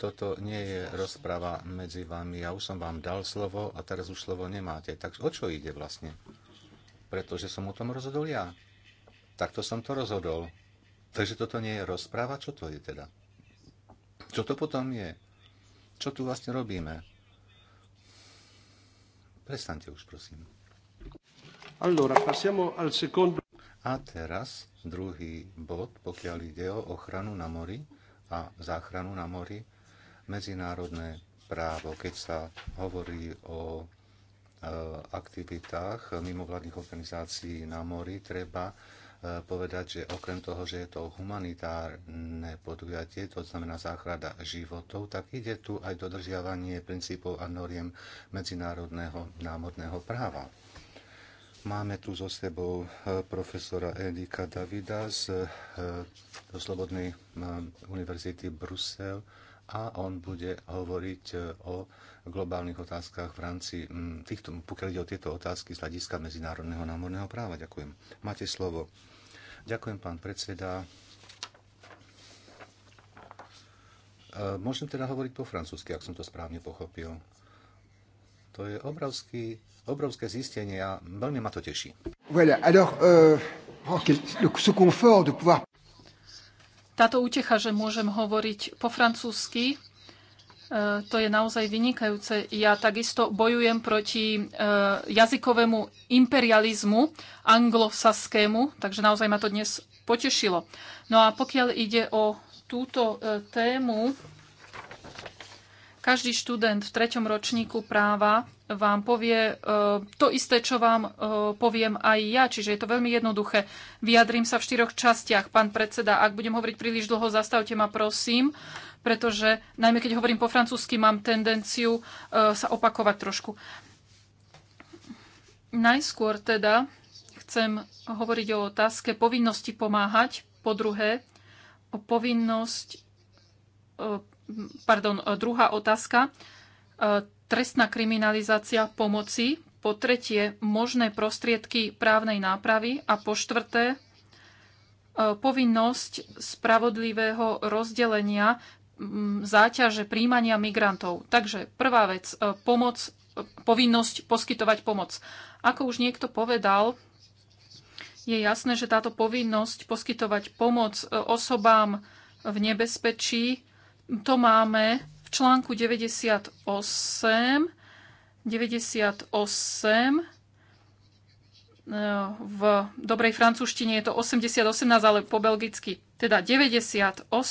toto nie je rozprava medzi vami. Ja už som vám dal slovo a teraz už slovo nemáte. Tak o čo ide vlastne? Pretože som o tom rozhodol ja. Takto som to rozhodol. Takže toto nie je rozpráva? Čo to je teda? Čo to potom je? Čo tu vlastne robíme? Prestante už, prosím. Allora, passiamo al secondo... A teraz druhý bod, pokiaľ ide o ochranu na mori a záchranu na mori medzinárodné právo, keď sa hovorí o e, aktivitách mimovládnych organizácií na mori, treba e, povedať, že okrem toho, že je to humanitárne podujatie, to znamená záchrada životov, tak ide tu aj dodržiavanie princípov a noriem medzinárodného námorného práva. Máme tu so sebou e, profesora Edika Davida z Slobodnej univerzity Brusel, a on bude hovoriť e, o globálnych otázkach v rámci týchto, pokiaľ ide o tieto otázky z hľadiska medzinárodného námorného práva. Ďakujem. Máte slovo. Ďakujem, pán predseda. E, môžem teda hovoriť po francúzsky, ak som to správne pochopil. To je obrovský, obrovské zistenie a veľmi ma to teší. Voilà, alors, euh, le, ce confort de pouvoir táto útecha, že môžem hovoriť po francúzsky, e, to je naozaj vynikajúce. Ja takisto bojujem proti e, jazykovému imperializmu anglosaskému, takže naozaj ma to dnes potešilo. No a pokiaľ ide o túto e, tému, každý študent v treťom ročníku práva vám povie e, to isté, čo vám e, poviem aj ja. Čiže je to veľmi jednoduché. Vyjadrím sa v štyroch častiach, pán predseda. Ak budem hovoriť príliš dlho, zastavte ma, prosím, pretože najmä keď hovorím po francúzsky, mám tendenciu e, sa opakovať trošku. Najskôr teda chcem hovoriť o otázke povinnosti pomáhať, po druhé o povinnosť, pardon, druhá otázka, trestná kriminalizácia pomoci, po tretie možné prostriedky právnej nápravy a po štvrté e, povinnosť spravodlivého rozdelenia záťaže príjmania migrantov. Takže prvá vec, e, pomoc, e, povinnosť poskytovať pomoc. Ako už niekto povedal, je jasné, že táto povinnosť poskytovať pomoc osobám v nebezpečí, to máme článku 98, 98 e, v dobrej francúzštine je to 88 ale po belgicky teda 98 e,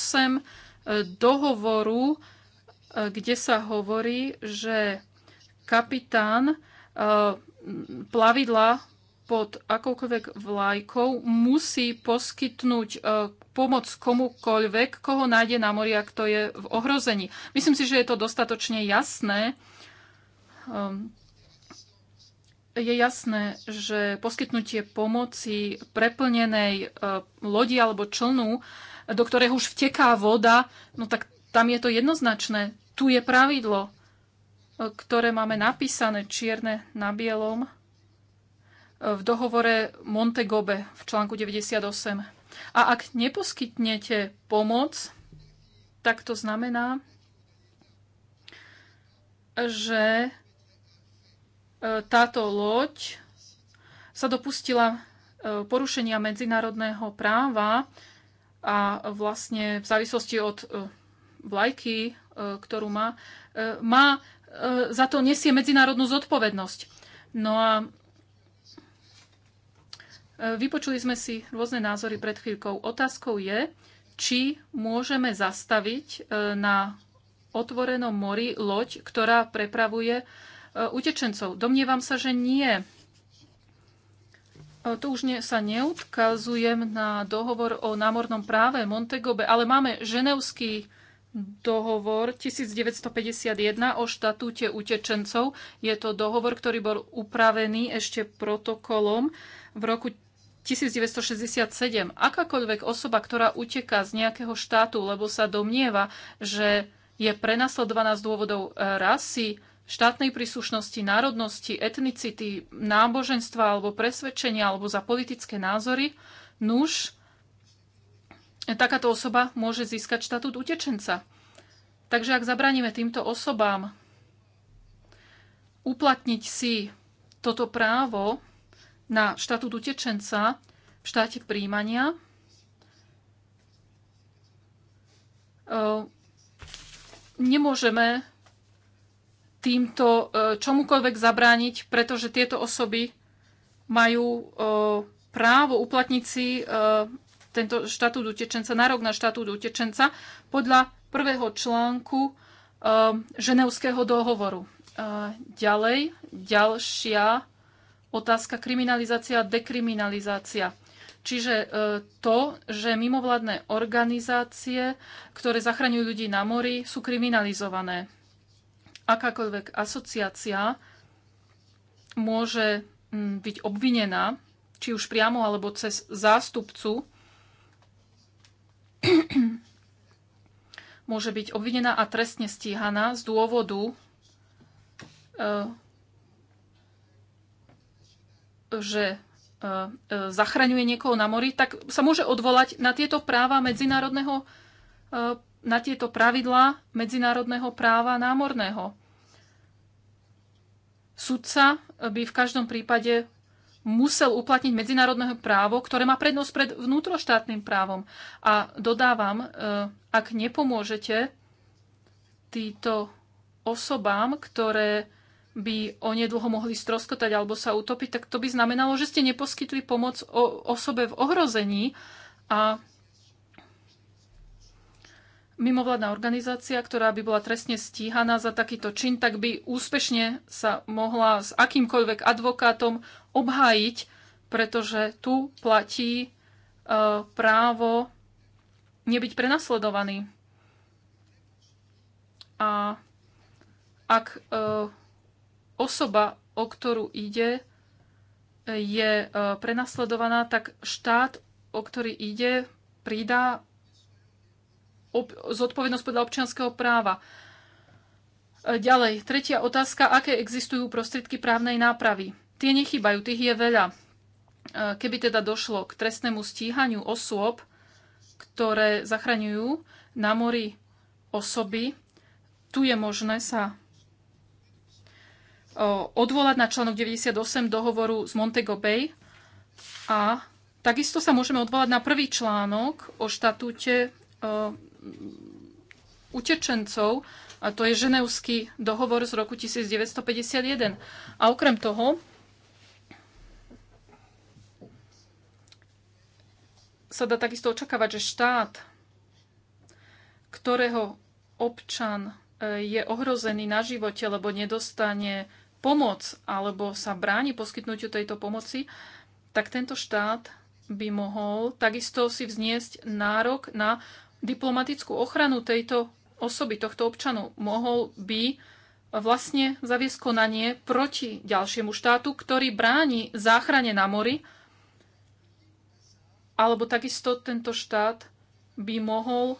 dohovoru, e, kde sa hovorí, že kapitán plavidla pod akoukoľvek vlajkou musí poskytnúť pomoc komukoľvek, koho nájde na mori, ak to je v ohrození. Myslím si, že je to dostatočne jasné. Ehm, je jasné, že poskytnutie pomoci preplnenej ehm, lodi alebo člnu, do ktorého už vteká voda, no tak tam je to jednoznačné. Tu je pravidlo, ehm, ktoré máme napísané čierne na bielom v dohovore Montegobe v článku 98. A ak neposkytnete pomoc, tak to znamená, že e, táto loď sa dopustila e, porušenia medzinárodného práva a vlastne v závislosti od e, vlajky, ktorú má, má za to nesie medzinárodnú zodpovednosť. No a Vypočuli sme si rôzne názory pred chvíľkou. Otázkou je, či môžeme zastaviť e, na otvorenom mori loď, ktorá prepravuje e, utečencov. Domnievam sa, že nie. E, tu už ne, sa neodkazujem na dohovor o námornom práve Montegobe, ale máme ženevský dohovor 1951 o štatúte utečencov. Je to dohovor, ktorý bol upravený ešte protokolom v roku 1967. Akákoľvek osoba, ktorá uteká z nejakého štátu, lebo sa domnieva, že je prenasledovaná z dôvodov e, rasy, štátnej príslušnosti, národnosti, etnicity, náboženstva alebo presvedčenia alebo za politické názory, nuž, takáto osoba môže získať štatút utečenca. Takže ak zabraníme týmto osobám uplatniť si toto právo, na štatút utečenca v štáte príjmania. Ehm, nemôžeme týmto e, čomukoľvek zabrániť, pretože tieto osoby majú e, právo uplatniť si e, tento štatút utečenca, nárok na štatút utečenca podľa prvého článku Ženevského dohovoru. Ďalej, ďalšia otázka kriminalizácia a dekriminalizácia. Čiže e, to, že mimovládne organizácie, ktoré zachraňujú ľudí na mori, sú kriminalizované. Akákoľvek asociácia môže mm, byť obvinená, či už priamo alebo cez zástupcu, môže byť obvinená a trestne stíhaná z dôvodu e, že e, e, zachraňuje niekoho na mori, tak sa môže odvolať na tieto práva medzinárodného e, na tieto pravidlá medzinárodného práva námorného. Sudca by v každom prípade musel uplatniť medzinárodné právo, ktoré má prednosť pred vnútroštátnym právom. A dodávam, ak nepomôžete týmto osobám, ktoré by onedlho mohli stroskotať alebo sa utopiť, tak to by znamenalo, že ste neposkytli pomoc o osobe v ohrození a mimovládna organizácia, ktorá by bola trestne stíhaná za takýto čin, tak by úspešne sa mohla s akýmkoľvek advokátom obhájiť, pretože tu platí e, právo nebyť prenasledovaný. A ak e, osoba, o ktorú ide, je e, prenasledovaná, tak štát, o ktorý ide, pridá zodpovednosť podľa občianského práva. E, ďalej, tretia otázka, aké existujú prostriedky právnej nápravy. Tie nechybajú, tých je veľa. E, keby teda došlo k trestnému stíhaniu osôb, ktoré zachraňujú na mori osoby, tu je možné sa odvolať na článok 98 dohovoru z Montego Bay a takisto sa môžeme odvolať na prvý článok o štatúte utečencov, a to je Ženevský dohovor z roku 1951. A okrem toho sa dá takisto očakávať, že štát, ktorého občan e, je ohrozený na živote, lebo nedostane pomoc alebo sa bráni poskytnutiu tejto pomoci, tak tento štát by mohol takisto si vzniesť nárok na diplomatickú ochranu tejto osoby, tohto občanu. Mohol by vlastne zaviesť konanie proti ďalšiemu štátu, ktorý bráni záchrane na mori, alebo takisto tento štát by mohol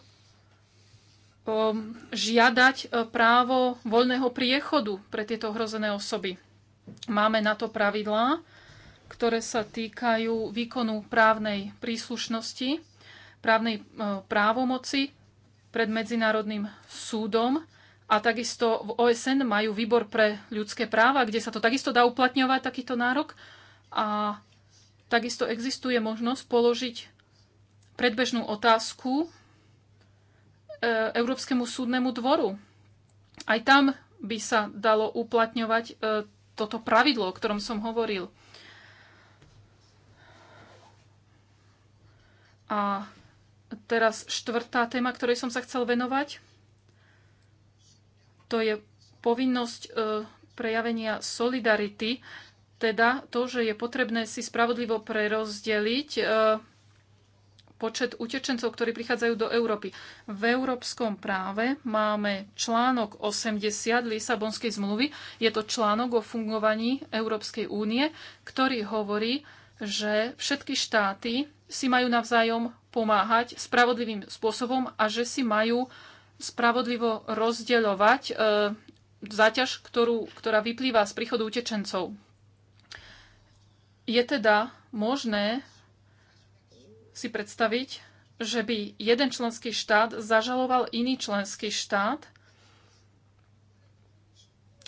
Um, žiadať uh, právo voľného priechodu pre tieto ohrozené osoby. Máme na to pravidlá, ktoré sa týkajú výkonu právnej príslušnosti, právnej uh, právomoci pred Medzinárodným súdom a takisto v OSN majú výbor pre ľudské práva, kde sa to takisto dá uplatňovať, takýto nárok. A takisto existuje možnosť položiť predbežnú otázku E, Európskemu súdnemu dvoru. Aj tam by sa dalo uplatňovať e, toto pravidlo, o ktorom som hovoril. A teraz štvrtá téma, ktorej som sa chcel venovať, to je povinnosť e, prejavenia solidarity, teda to, že je potrebné si spravodlivo prerozdeliť počet utečencov, ktorí prichádzajú do Európy. V európskom práve máme článok 80 Lisabonskej zmluvy. Je to článok o fungovaní Európskej únie, ktorý hovorí, že všetky štáty si majú navzájom pomáhať spravodlivým spôsobom a že si majú spravodlivo rozdeľovať e, záťaž, ktorú, ktorá vyplýva z príchodu utečencov. Je teda možné si predstaviť, že by jeden členský štát zažaloval iný členský štát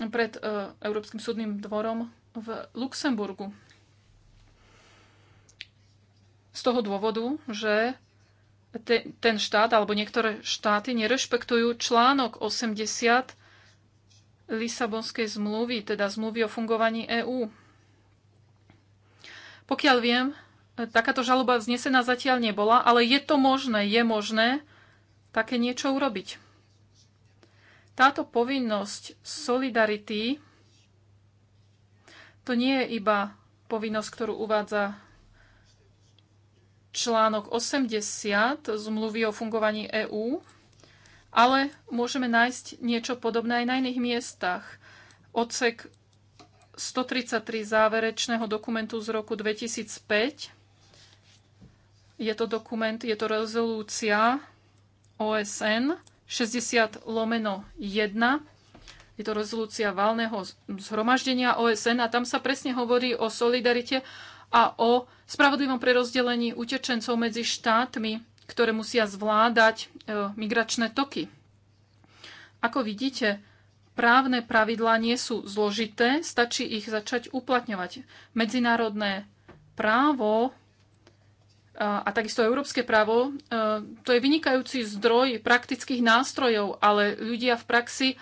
pred e, Európskym súdnym dvorom v Luxemburgu. Z toho dôvodu, že te, ten štát alebo niektoré štáty nerešpektujú článok 80 Lisabonskej zmluvy, teda zmluvy o fungovaní EÚ. Pokiaľ viem, Takáto žaloba vznesená zatiaľ nebola, ale je to možné, je možné také niečo urobiť. Táto povinnosť solidarity to nie je iba povinnosť, ktorú uvádza článok 80 zmluvy o fungovaní EÚ, ale môžeme nájsť niečo podobné aj na iných miestach. Odsek 133 záverečného dokumentu z roku 2005 je to dokument, je to rezolúcia OSN 60 lomeno 1. Je to rezolúcia valného zhromaždenia OSN a tam sa presne hovorí o solidarite a o spravodlivom prerozdelení utečencov medzi štátmi, ktoré musia zvládať e, migračné toky. Ako vidíte, Právne pravidlá nie sú zložité, stačí ich začať uplatňovať. Medzinárodné právo a takisto európske právo, e, to je vynikajúci zdroj praktických nástrojov, ale ľudia v praxi, e,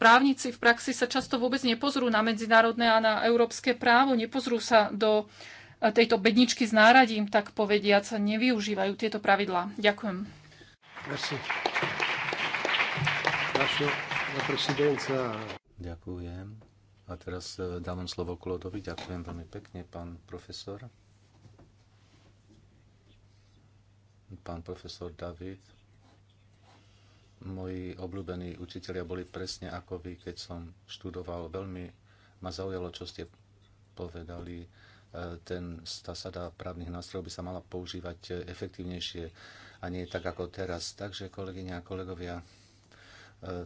právnici v praxi sa často vôbec nepozrú na medzinárodné a na európske právo, nepozrú sa do e, tejto bedničky s náradím, tak povediac, nevyužívajú tieto pravidlá. Ďakujem. Merci. Ďakujem. A teraz dávam slovo Klodovi. Ďakujem veľmi pekne, pán profesor. pán profesor David. Moji obľúbení učitelia boli presne ako vy, keď som študoval. Veľmi ma zaujalo, čo ste povedali. E, ten, tá sada právnych nástrojov by sa mala používať efektívnejšie a nie tak ako teraz. Takže, kolegyne a kolegovia, e,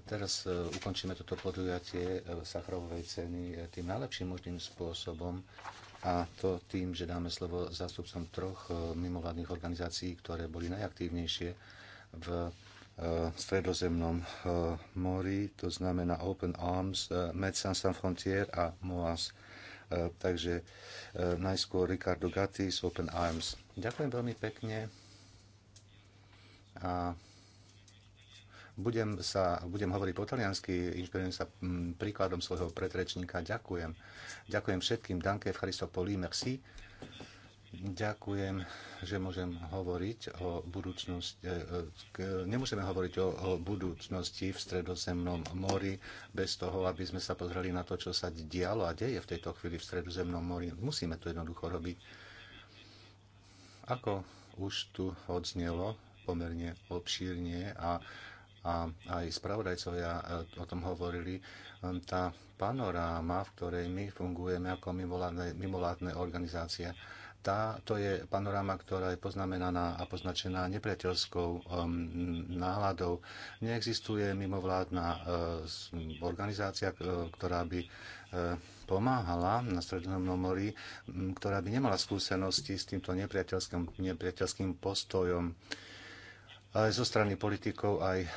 Teraz e, ukončíme toto podujatie Sacharovej ceny tým najlepším možným spôsobom a to tým, že dáme slovo zástupcom troch e, mimovládnych organizácií, ktoré boli najaktívnejšie v e, stredozemnom e, mori, to znamená Open Arms, Médecins Sans Frontières a MOAS. Takže najskôr Ricardo Gatti z Open Arms. Ďakujem veľmi pekne a budem, sa, budem hovoriť po taliansky, inšpirujem sa mm, príkladom svojho predrečníka. Ďakujem. Ďakujem všetkým. Danke, Charistopoli, merci. Ďakujem, že môžem hovoriť o budúcnosti. E, e, nemôžeme hovoriť o, o budúcnosti v stredozemnom mori bez toho, aby sme sa pozreli na to, čo sa dialo a deje v tejto chvíli v stredozemnom mori. Musíme to jednoducho robiť. Ako už tu odznelo pomerne obšírne a a aj spravodajcovia e, o tom hovorili, tá panoráma, v ktorej my fungujeme ako mimovládne, mimovládne organizácie, tá, to je panoráma, ktorá je poznamenaná a poznačená nepriateľskou um, náladou. Neexistuje mimovládna uh, organizácia, ktorá by pomáhala na Stredozemnom mori, ktorá by nemala skúsenosti s týmto nepriateľským, nepriateľským postojom. Uh, aj zo strany politikov, aj eh,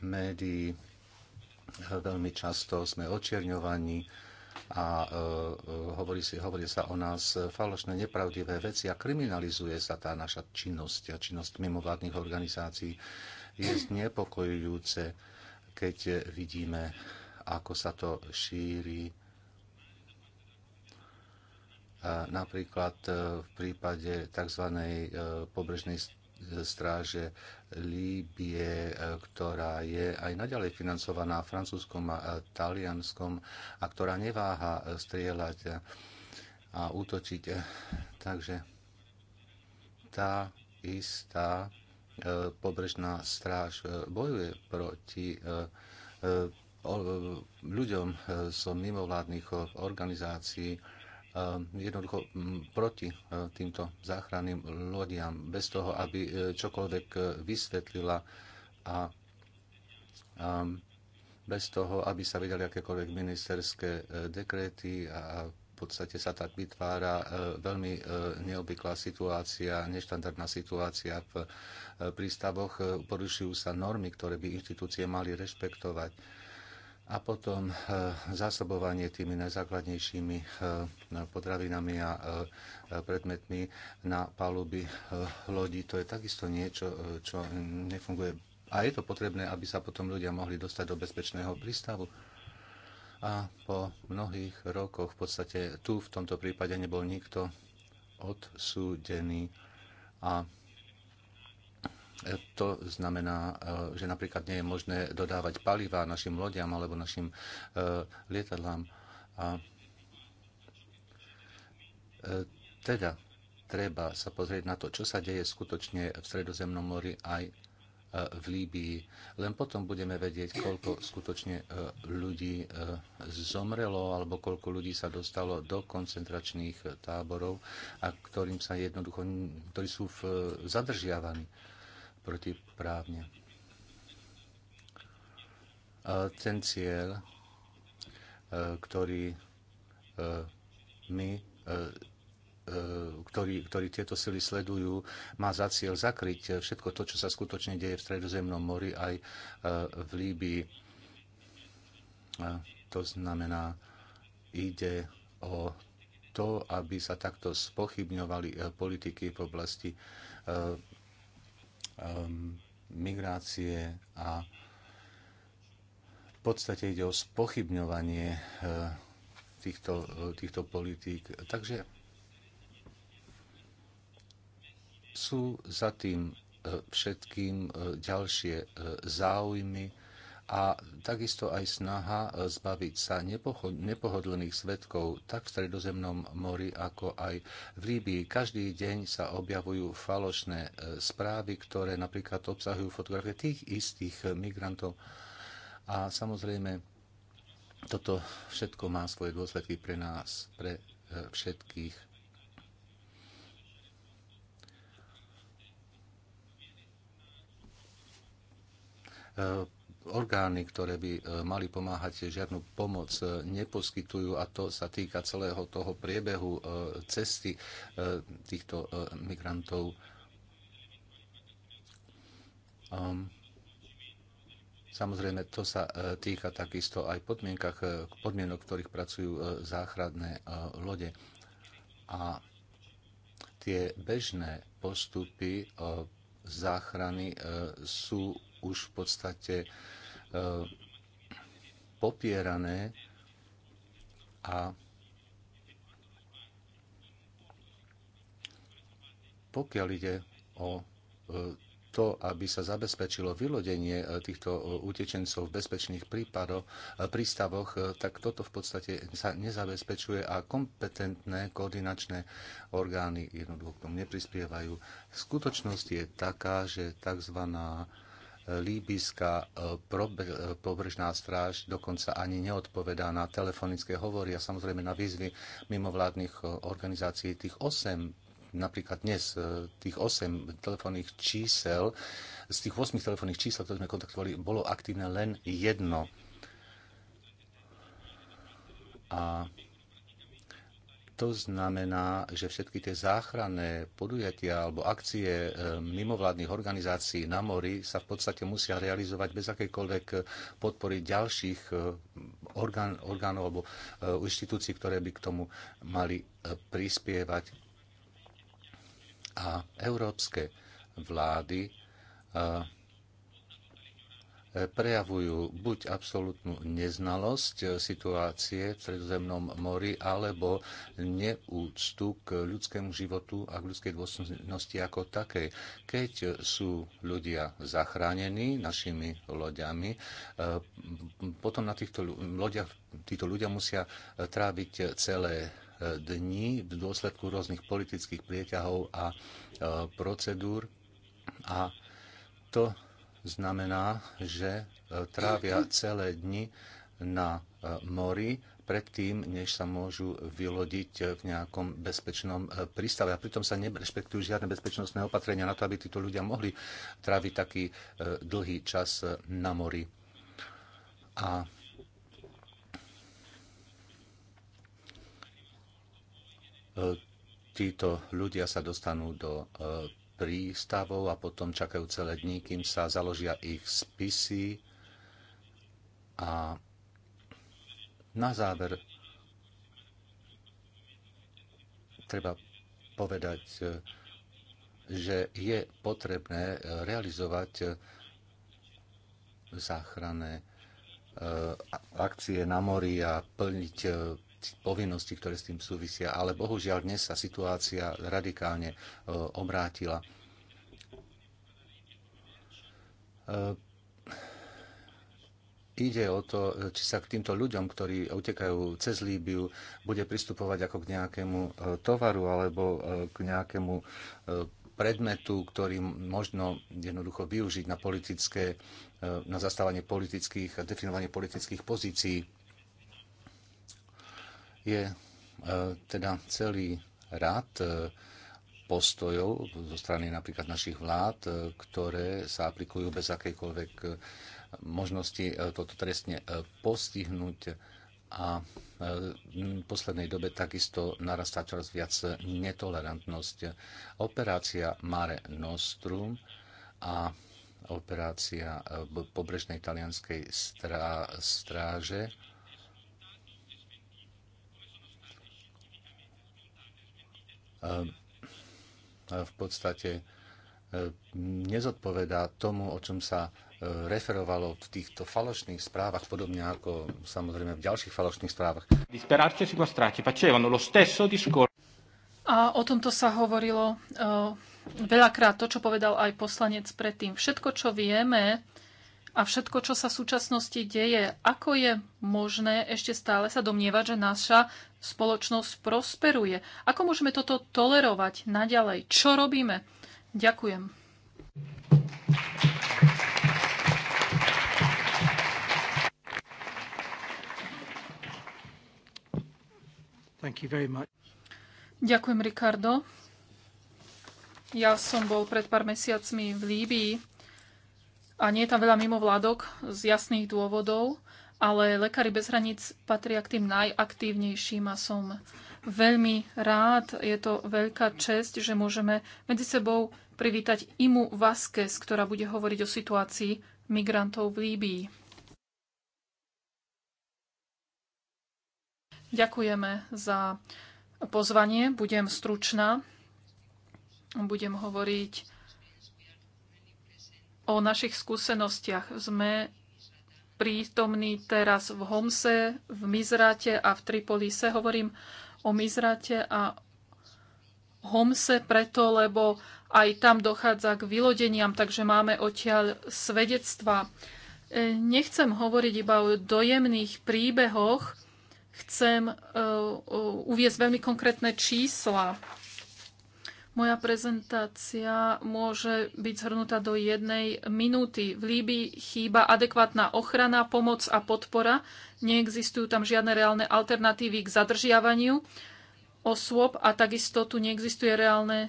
médií. Eh, veľmi často sme očierňovaní a eh, hovorí, si, hovorí sa o nás falošné, nepravdivé veci a kriminalizuje sa tá naša činnosť a činnosť mimovládnych organizácií. Je znepokojujúce, keď vidíme, ako sa to šíri napríklad v prípade tzv. pobrežnej stráže Líbie, e, ktorá je aj naďalej financovaná francúzskom a e, talianskom a ktorá neváha e, strieľať a útočiť. Takže tá istá pobrežná stráž bojuje proti ľuďom z mimovládnych organizácií, Ehm, jednoducho proti e, týmto záchranným lodiam, bez toho, aby e, čokoľvek e, vysvetlila a ehm, bez toho, aby sa vedeli akékoľvek ministerské dekréty a v podstate sa tak vytvára veľmi neobvyklá situácia, neštandardná situácia v prístavoch. Porušujú sa normy, ktoré by inštitúcie mali rešpektovať a potom eh, zásobovanie tými najzákladnejšími eh, potravinami a eh, predmetmi na paluby lodi. To je takisto niečo, čo nefunguje. A je to potrebné, aby sa potom ľudia mohli dostať do bezpečného prístavu. A po mnohých rokoch v podstate tu v tomto prípade nebol nikto odsúdený a to znamená, e, že napríklad nie je možné dodávať paliva našim lodiam alebo našim e, lietadlám. A e, teda treba sa pozrieť na to, čo sa deje skutočne v Stredozemnom mori aj v Líbii. Len potom budeme vedieť, koľko skutočne ľudí zomrelo alebo koľko ľudí sa dostalo do koncentračných táborov a ktorým sa jednoducho, ktorí sú v, zadržiavaní protiprávne. A ten cieľ, e, ktorý e, my e, ktorý, ktorý tieto sily sledujú, má za cieľ zakryť všetko to, čo sa skutočne deje v Stredozemnom mori aj v Líbii. To znamená, ide o to, aby sa takto spochybňovali politiky v oblasti Ehm, migrácie a v podstate ide o spochybňovanie eh, týchto, týchto politík. Takže sú za tým eh, všetkým eh, ďalšie záujmy a takisto aj snaha e, zbaviť sa nepohodlných svetkov tak v Stredozemnom mori, ako aj v Líbii. Každý deň sa objavujú falošné e, správy, ktoré napríklad obsahujú fotografie tých istých migrantov. A samozrejme, toto všetko má svoje dôsledky pre nás, pre e, všetkých. Uh, orgány, ktoré by e, mali pomáhať, žiadnu pomoc e, neposkytujú a to sa týka celého toho priebehu e, cesty týchto migrantov. Ehm, samozrejme, to sa týka takisto aj podmienkach, podmienok, ktorých pracujú záchradné lode. A tie bežné postupy záchrany sú už v podstate e, popierané a pokiaľ ide o e, to, aby sa zabezpečilo vylodenie e, týchto utečencov v bezpečných prípadoch, prístavoch, tak toto v podstate sa nezabezpečuje a kompetentné koordinačné orgány jednoducho k tomu neprispievajú. Skutočnosť je taká, že tzv líbyská e, e, pobrežná stráž dokonca ani neodpovedá na telefonické hovory a samozrejme na výzvy mimovládnych e, organizácií tých 8 napríklad dnes tých 8 telefónnych čísel, z tých 8 telefónnych čísel, ktoré sme kontaktovali, bolo aktívne len jedno. A to znamená, že všetky tie záchranné podujatia alebo akcie eh, mimovládnych organizácií na mori sa v podstate musia realizovať bez akejkoľvek podpory ďalších eh, orgán, orgánov alebo eh, inštitúcií, ktoré by k tomu mali prispievať. A európske vlády prejavujú buď absolútnu neznalosť situácie v Sredozemnom mori, alebo neúctu k ľudskému životu a k ľudskej dôstojnosti ako takej. Keď sú ľudia zachránení našimi loďami, eh, potom na týchto loďach títo ľudia musia tráviť celé eh, dni v dôsledku rôznych politických prieťahov a eh, procedúr. A to znamená, že e, trávia celé dni na e, mori predtým, než sa môžu vylodiť e, v nejakom bezpečnom prístave. A pritom sa nerešpektujú žiadne bezpečnostné opatrenia na to, aby títo ľudia mohli tráviť taký dlhý čas na mori. A títo ľudia sa dostanú do prístavov a potom čakajú celé dní, kým sa založia ich spisy. A na záver treba povedať, že je potrebné realizovať záchranné eh, akcie na mori a plniť eh, povinnosti, ktoré s tým súvisia. Ale bohužiaľ dnes sa situácia radikálne e, obrátila. E, ide o to, či sa k týmto ľuďom, ktorí utekajú cez Líbiu, bude pristupovať ako k nejakému e, tovaru alebo k nejakému predmetu, ktorý možno jednoducho využiť na politické, na zastávanie politických a definovanie politických pozícií je e, teda celý rad e, postojov zo strany napríklad našich vlád, e, ktoré sa aplikujú bez akejkoľvek možnosti toto trestne postihnúť a v poslednej dobe takisto narastá čoraz viac netolerantnosť. Operácia Mare Nostrum a operácia pobrežnej talianskej stráže v podstate e, nezodpovedá tomu, o čom sa e, referovalo v týchto falošných správach, podobne ako samozrejme v ďalších falošných správach. A o tomto sa hovorilo e, veľakrát to, čo povedal aj poslanec predtým. Všetko, čo vieme a všetko, čo sa v súčasnosti deje, ako je možné ešte stále sa domnievať, že naša spoločnosť prosperuje. Ako môžeme toto tolerovať naďalej? Čo robíme? Ďakujem. Thank you very much. Ďakujem, Ricardo. Ja som bol pred pár mesiacmi v Líbii a nie je tam veľa mimovládok z jasných dôvodov ale Lekári bez hraníc patria k tým najaktívnejším a som veľmi rád. Je to veľká čest, že môžeme medzi sebou privítať Imu Vaskes, ktorá bude hovoriť o situácii migrantov v Líbii. Ďakujeme za pozvanie. Budem stručná. Budem hovoriť o našich skúsenostiach. Sme prítomný teraz v Homse, v Mizrate a v Tripolise. Hovorím o Mizrate a Homse preto, lebo aj tam dochádza k vylodeniam, takže máme odtiaľ svedectva. E, nechcem hovoriť iba o dojemných príbehoch, chcem e, uviezť veľmi konkrétne čísla. Moja prezentácia môže byť zhrnutá do jednej minúty. V Líbii chýba adekvátna ochrana, pomoc a podpora. Neexistujú tam žiadne reálne alternatívy k zadržiavaniu osôb a takisto tu neexistuje reálne e,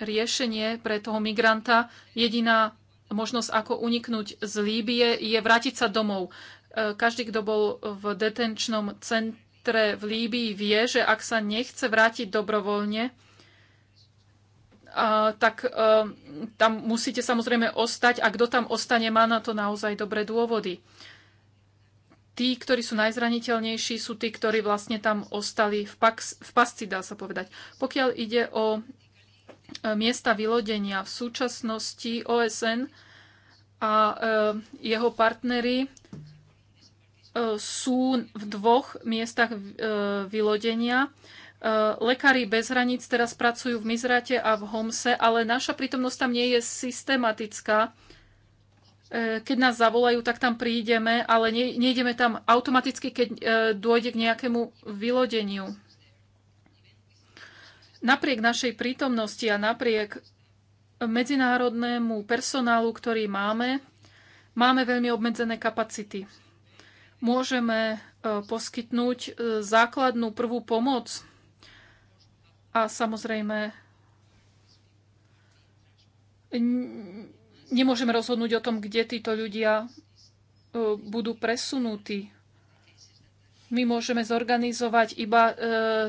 riešenie pre toho migranta. Jediná možnosť, ako uniknúť z Líbie, je vrátiť sa domov. E, každý, kto bol v detenčnom centre v Líbii, vie, že ak sa nechce vrátiť dobrovoľne, tak e, tam musíte samozrejme ostať a kto tam ostane, má na to naozaj dobré dôvody. Tí, ktorí sú najzraniteľnejší, sú tí, ktorí vlastne tam ostali v, pax, v pasci, dá sa povedať. Pokiaľ ide o e, miesta vylodenia v súčasnosti OSN a e, jeho partnery sú v dvoch miestach vylodenia. Eh, lekári bez hraníc teraz pracujú v Mizrate a v Homse, ale naša prítomnosť tam nie je systematická. Eh, keď nás zavolajú, tak tam prídeme, ale nejdeme tam automaticky, keď eh, dôjde k nejakému vylodeniu. Napriek našej prítomnosti a napriek medzinárodnému personálu, ktorý máme, máme veľmi obmedzené kapacity. Môžeme poskytnúť základnú prvú pomoc a samozrejme, nemôžeme rozhodnúť o tom, kde títo ľudia e, budú presunutí. My môžeme zorganizovať iba e,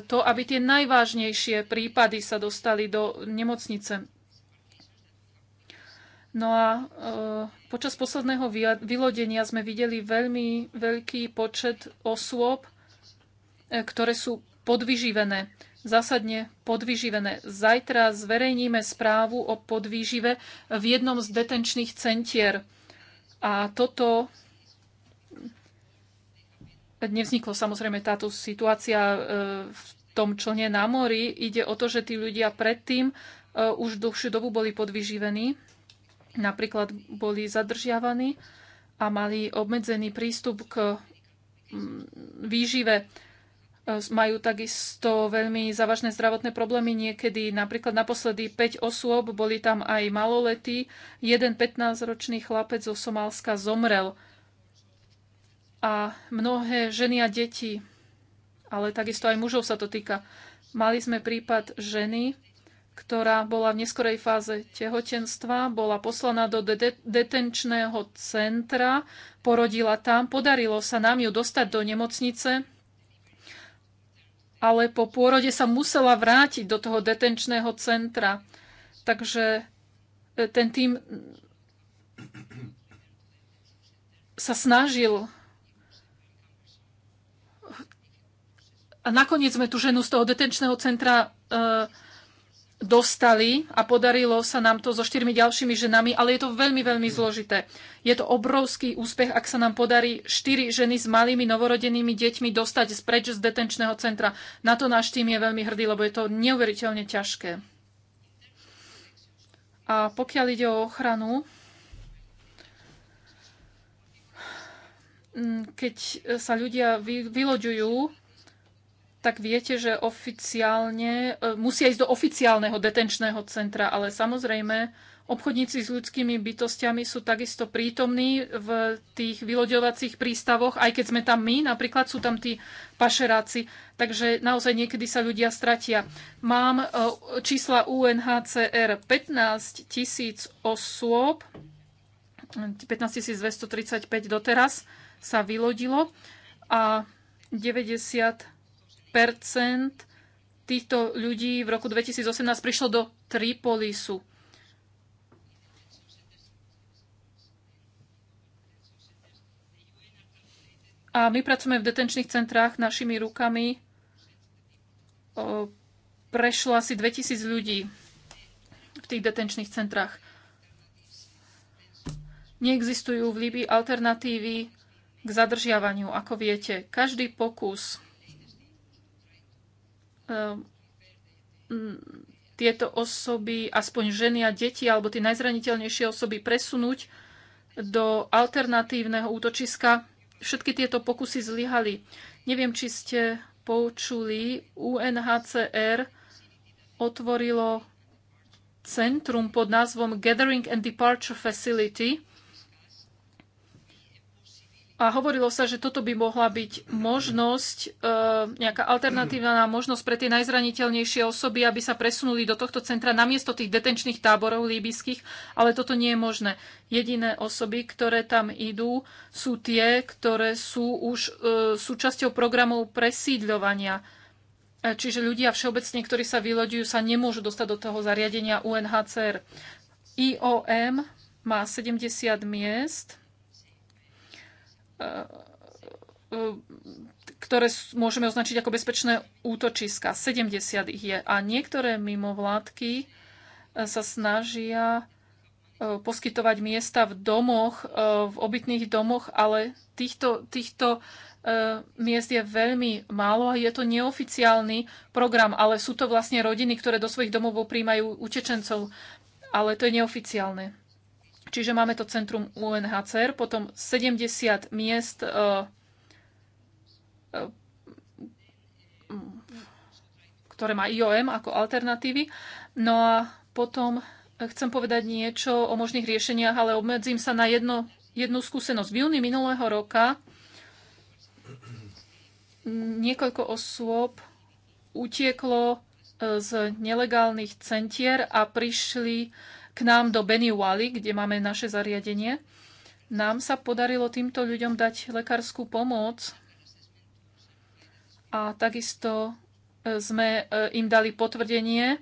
to, aby tie najvážnejšie prípady sa dostali do nemocnice. No a e, počas posledného vylodenia sme videli veľmi veľký počet osôb, ktoré sú podvyživené zásadne podvyživené. Zajtra zverejníme správu o podvýžive v jednom z detenčných centier. A toto nevzniklo samozrejme táto situácia e, v tom člne na mori. Ide o to, že tí ľudia predtým e, už dlhšiu dobu boli podvyživení, napríklad boli zadržiavaní a mali obmedzený prístup k výžive majú takisto veľmi závažné zdravotné problémy. Niekedy napríklad naposledy 5 osôb, boli tam aj maloletí. Jeden 15-ročný chlapec zo Somálska zomrel. A mnohé ženy a deti, ale takisto aj mužov sa to týka. Mali sme prípad ženy, ktorá bola v neskorej fáze tehotenstva, bola poslaná do de- detenčného centra, porodila tam, podarilo sa nám ju dostať do nemocnice, ale po pôrode sa musela vrátiť do toho detenčného centra. Takže e, ten tým sa snažil a nakoniec sme tú ženu z toho detenčného centra e, dostali a podarilo sa nám to so štyrmi ďalšími ženami, ale je to veľmi, veľmi mm. zložité. Je to obrovský úspech, ak sa nám podarí štyri ženy s malými novorodenými deťmi dostať spreč z detenčného centra. Na to náš tým je veľmi hrdý, lebo je to neuveriteľne ťažké. A pokiaľ ide o ochranu, mm, keď sa ľudia vyloďujú tak viete, že oficiálne e, musia ísť do oficiálneho detenčného centra, ale samozrejme obchodníci s ľudskými bytostiami sú takisto prítomní v tých vyloďovacích prístavoch, aj keď sme tam my, napríklad sú tam tí pašeráci, takže naozaj niekedy sa ľudia stratia. Mám e, čísla UNHCR 15 tisíc osôb, 15 235 doteraz sa vylodilo a 90 týchto ľudí v roku 2018 prišlo do Tripolisu. A my pracujeme v detenčných centrách našimi rukami. O, prešlo asi 2000 ľudí v tých detenčných centrách. Neexistujú v Líbii alternatívy k zadržiavaniu, ako viete. Každý pokus Ehm, tieto osoby, aspoň ženy a deti, alebo tie najzraniteľnejšie osoby presunúť do alternatívneho útočiska. Všetky tieto pokusy zlyhali. Neviem, či ste počuli, UNHCR otvorilo centrum pod názvom Gathering and Departure Facility, a hovorilo sa, že toto by mohla byť možnosť, e, nejaká alternatívna možnosť pre tie najzraniteľnejšie osoby, aby sa presunuli do tohto centra namiesto tých detenčných táborov líbyských, ale toto nie je možné. Jediné osoby, ktoré tam idú, sú tie, ktoré sú už e, súčasťou programov presídľovania. E, čiže ľudia všeobecne, ktorí sa vyloďujú, sa nemôžu dostať do toho zariadenia UNHCR. IOM má 70 miest Ehm, ktoré môžeme označiť ako bezpečné útočiska. 70 ich je. A niektoré mimovládky eh, sa snažia eh, poskytovať miesta v domoch, eh, v obytných domoch, ale týchto, týchto miest je veľmi málo a je to neoficiálny program, ale sú to vlastne rodiny, ktoré do svojich domov príjmajú utečencov, ale to je neoficiálne. Čiže máme to centrum UNHCR, potom 70 miest e, e, ktoré má IOM ako alternatívy. No a potom chcem povedať niečo o možných riešeniach, ale obmedzím sa na jedno, jednu skúsenosť. V júni minulého roka niekoľko osôb utieklo e, z nelegálnych centier a prišli k nám do Wally, kde máme naše zariadenie. Nám sa podarilo týmto ľuďom dať lekárskú pomoc a takisto e, sme e, im dali potvrdenie,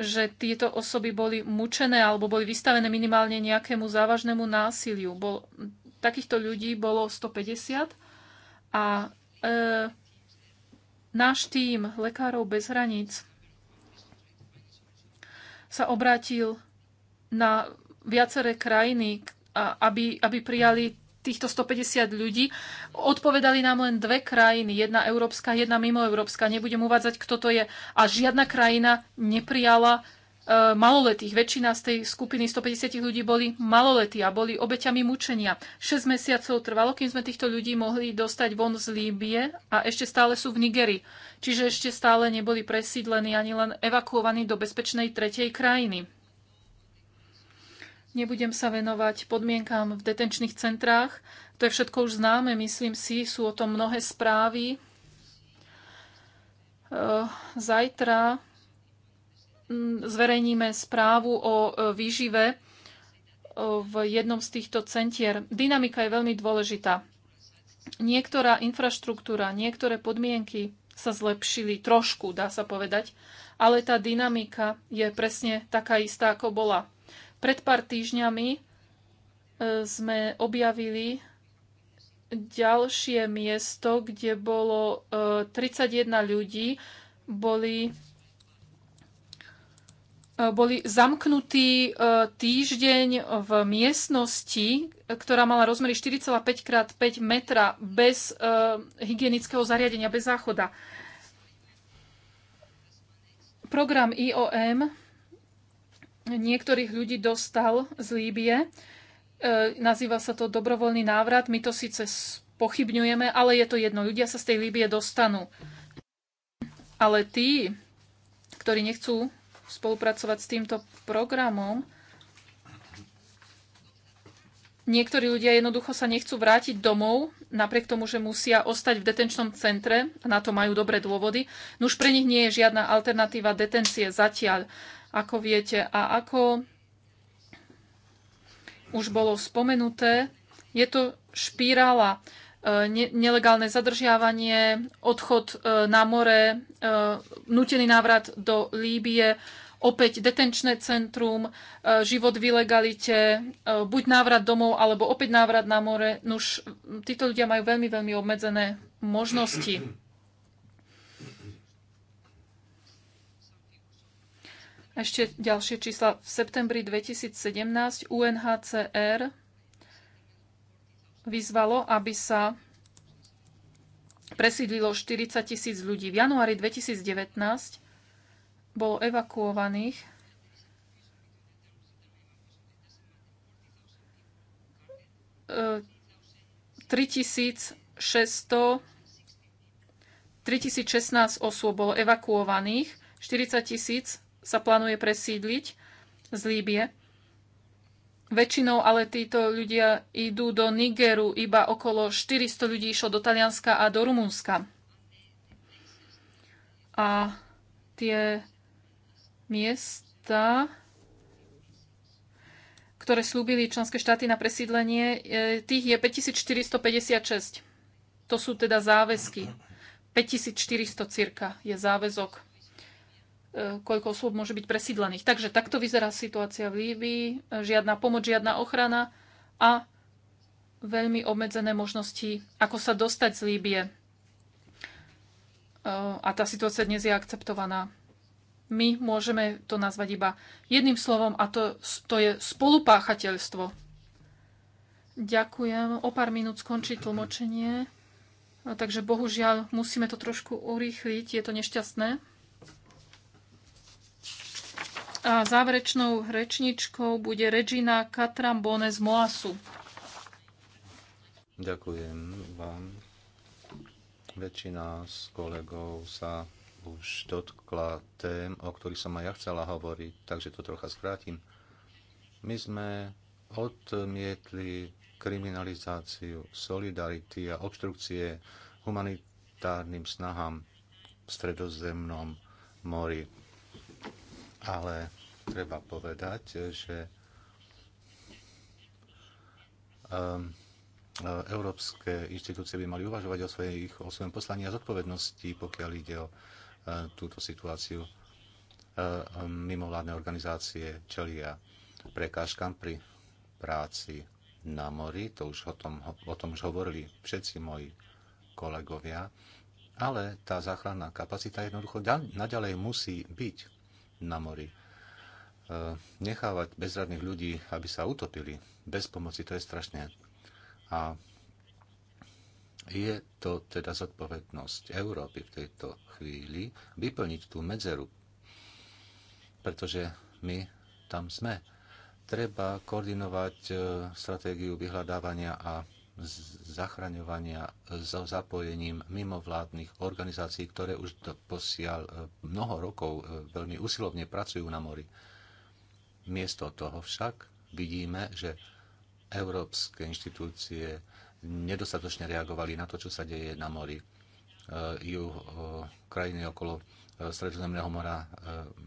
že tieto osoby boli mučené alebo boli vystavené minimálne nejakému závažnému násiliu. Bol, takýchto ľudí bolo 150 a e, náš tím Lekárov bez hraníc sa obrátil na viaceré krajiny, aby, aby prijali týchto 150 ľudí. Odpovedali nám len dve krajiny, jedna európska, jedna mimoeurópska. Nebudem uvádzať, kto to je. A žiadna krajina neprijala e, maloletých. Väčšina z tej skupiny 150 ľudí boli maloletí a boli obeťami mučenia. 6 mesiacov trvalo, kým sme týchto ľudí mohli dostať von z Líbie a ešte stále sú v Nigeri. Čiže ešte stále neboli presídlení ani len evakuovaní do bezpečnej tretej krajiny. Nebudem sa venovať podmienkám v detenčných centrách. To je všetko už známe, myslím si. Sú o tom mnohé správy. E, zajtra zverejníme správu o e, výžive e, v jednom z týchto centier. Dynamika je veľmi dôležitá. Niektorá infraštruktúra, niektoré podmienky sa zlepšili trošku, dá sa povedať, ale tá dynamika je presne taká istá, ako bola. Pred pár týždňami e, sme objavili ďalšie miesto, kde bolo 31 e, ľudí, boli e, boli zamknutí týždeň v miestnosti, ktorá mala rozmery 4,5 x 5 metra bez hygienického zariadenia, bez záchoda. Program IOM niektorých ľudí dostal z Líbie. E, nazýva sa to dobrovoľný návrat. My to síce pochybňujeme, ale je to jedno. Ľudia sa z tej Líbie dostanú. Ale tí, ktorí nechcú spolupracovať s týmto programom, Niektorí ľudia jednoducho sa nechcú vrátiť domov, napriek tomu, že musia ostať v detenčnom centre, a na to majú dobré dôvody. No už pre nich nie je žiadna alternatíva detencie zatiaľ ako viete. A ako už bolo spomenuté, je to špirála. E, nelegálne zadržiavanie, odchod e, na more, e, nutený návrat do Líbie, opäť detenčné centrum, život v ilegalite, buď návrat domov, alebo opäť návrat na more. Nuž, títo ľudia majú veľmi, veľmi obmedzené možnosti. Ešte ďalšie čísla. V septembri 2017 UNHCR vyzvalo, aby sa presídlilo 40 tisíc ľudí. V januári 2019 bolo evakuovaných 3600 3016 osôb bolo evakuovaných, 40 tisíc sa plánuje presídliť z Líbie. Väčšinou ale títo ľudia idú do Nigeru, iba okolo 400 ľudí išlo do Talianska a do Rumúnska. A tie miesta, ktoré slúbili členské štáty na presídlenie, e, tých je 5456. To sú teda záväzky. 5400 cirka je záväzok koľko osôb môže byť presídlených. Takže takto vyzerá situácia v Líbii. Žiadna pomoc, žiadna ochrana a veľmi obmedzené možnosti, ako sa dostať z Líbie. A tá situácia dnes je akceptovaná. My môžeme to nazvať iba jedným slovom a to, to je spolupáchateľstvo. Ďakujem. O pár minút skončí tlmočenie. No, takže bohužiaľ musíme to trošku urýchliť. Je to nešťastné. A záverečnou rečničkou bude Regina Katrambone z Moasu. Ďakujem vám. Väčšina z kolegov sa už dotkla tém, o ktorých som aj ja chcela hovoriť, takže to trocha skrátim. My sme odmietli kriminalizáciu solidarity a obštrukcie humanitárnym snahám v stredozemnom mori ale treba povedať, že ehm, e, európske inštitúcie by mali uvažovať o, svojich, o svojom poslaní a zodpovednosti, pokiaľ ide o e, túto situáciu. E, mimovládne organizácie čelia prekážkam pri práci na mori, to už o tom, o tom už hovorili všetci moji kolegovia, ale tá záchranná kapacita jednoducho naďalej musí byť na mori. E, nechávať bezradných ľudí, aby sa utopili bez pomoci, to je strašné. A je to teda zodpovednosť Európy v tejto chvíli vyplniť tú medzeru, pretože my tam sme. Treba koordinovať e, stratégiu vyhľadávania a zachraňovania so zapojením mimovládnych organizácií, ktoré už posiaľ e, mnoho rokov e, veľmi usilovne pracujú na mori. Miesto toho však vidíme, že európske inštitúcie nedostatočne reagovali na to, čo sa deje na mori. E, Ju krajiny okolo Stredozemného mora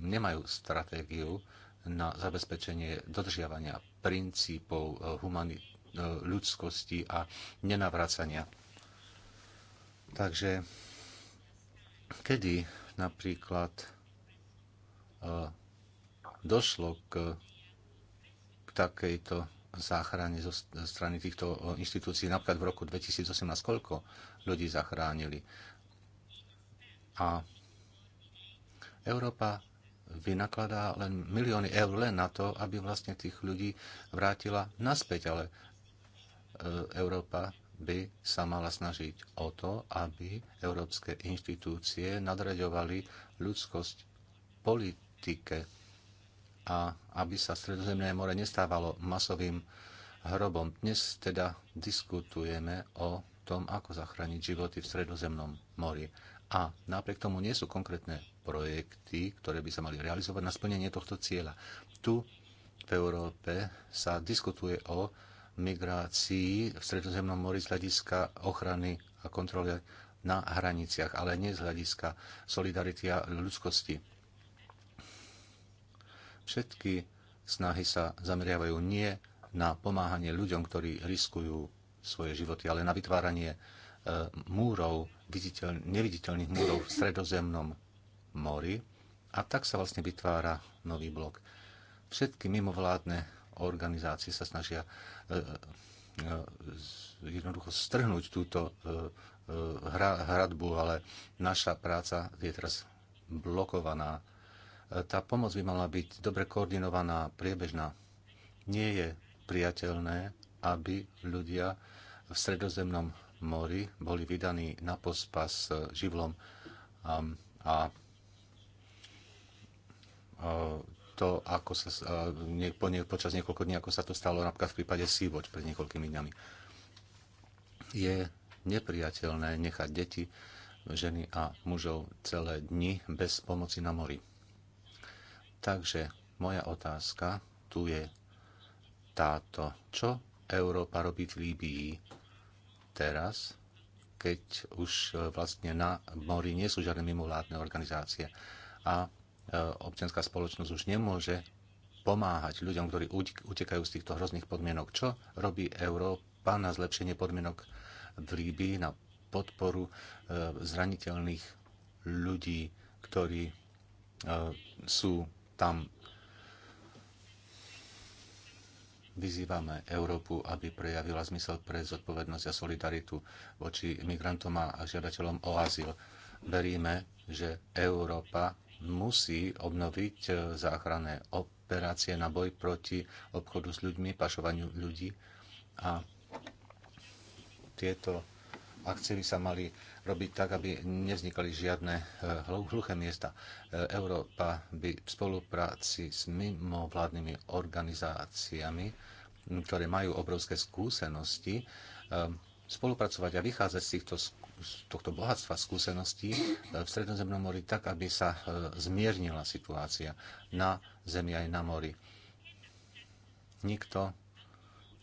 nemajú stratégiu na zabezpečenie dodržiavania princípov humanity E, ľudskosti a nenavracania. Takže kedy napríklad e, došlo k, k takejto záchrane zo strany týchto e, inštitúcií, napríklad v roku 2018, koľko ľudí zachránili. A Európa vynakladá len milióny eur len na to, aby vlastne tých ľudí vrátila naspäť, ale E, Európa by sa mala snažiť o to, aby európske inštitúcie nadraďovali ľudskosť politike a aby sa Stredozemné more nestávalo masovým hrobom. Dnes teda diskutujeme o tom, ako zachrániť životy v Stredozemnom mori. A napriek tomu nie sú konkrétne projekty, ktoré by sa mali realizovať na splnenie tohto cieľa. Tu v Európe sa diskutuje o migrácií v Stredozemnom mori z hľadiska ochrany a kontroly na hraniciach, ale nie z hľadiska solidarity a ľudskosti. Všetky snahy sa zameriavajú nie na pomáhanie ľuďom, ktorí riskujú svoje životy, ale na vytváranie e, múrov, neviditeľných múrov v stredozemnom mori. A tak sa vlastne vytvára nový blok. Všetky mimovládne organizácie sa snažia e, e, e, jednoducho strhnúť túto hradbu, ale naša práca je teraz blokovaná. Tá pomoc by mala byť dobre koordinovaná, priebežná. Nie je priateľné, aby ľudia v stredozemnom mori boli vydaní na pospas živlom a, a to, ako sa počas niekoľko dní, ako sa to stalo napríklad v prípade sea pred niekoľkými dňami. Je nepriateľné nechať deti, ženy a mužov celé dni bez pomoci na mori. Takže moja otázka tu je táto. Čo Európa robí v Líbii teraz, keď už e, vlastne na mori nie sú žiadne mimovládne organizácie? A E, občianská spoločnosť už nemôže pomáhať ľuďom, ktorí utekajú z týchto hrozných podmienok. Čo robí Európa na zlepšenie podmienok v Líbii, na podporu e, zraniteľných ľudí, ktorí e, sú tam. Vyzývame Európu, aby prejavila zmysel pre zodpovednosť a solidaritu voči migrantom a žiadateľom o azyl. Veríme, že Európa musí obnoviť e, záchranné operácie na boj proti obchodu s ľuďmi, pašovaniu ľudí. A tieto akcie by sa mali robiť tak, aby nevznikali žiadne e, hluché miesta. E, Európa by v spolupráci s mimovládnymi organizáciami, ktoré majú obrovské skúsenosti, spolupracovať a vychádzať z, týchto, z tohto bohatstva skúseností e, v Stredozemnom mori tak, aby sa e, zmiernila situácia na zemi aj na mori. Nikto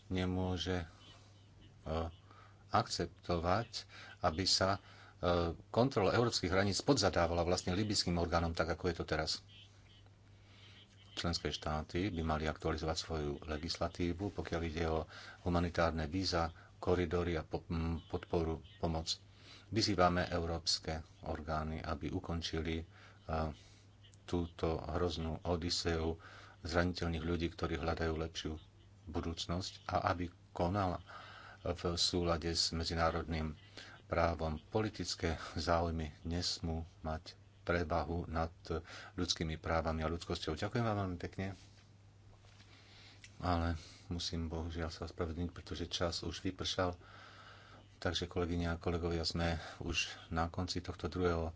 nemôže e, akceptovať, aby sa kontrola európskych hraníc podzadávala vlastne libyským orgánom, tak ako je to teraz. Členské štáty by mali aktualizovať svoju legislatívu, pokiaľ ide o humanitárne víza koridory a podporu, pomoc. Vyzývame európske orgány, aby ukončili e, túto hroznú odiseu zraniteľných ľudí, ktorí hľadajú lepšiu budúcnosť a aby konala v súlade s medzinárodným právom. Politické záujmy nesmú mať prevahu nad ľudskými právami a ľudskosťou. Ďakujem vám veľmi pekne ale musím bohužiaľ sa ospravedlniť, pretože čas už vypršal. Takže kolegyne a kolegovia, sme už na konci tohto druhého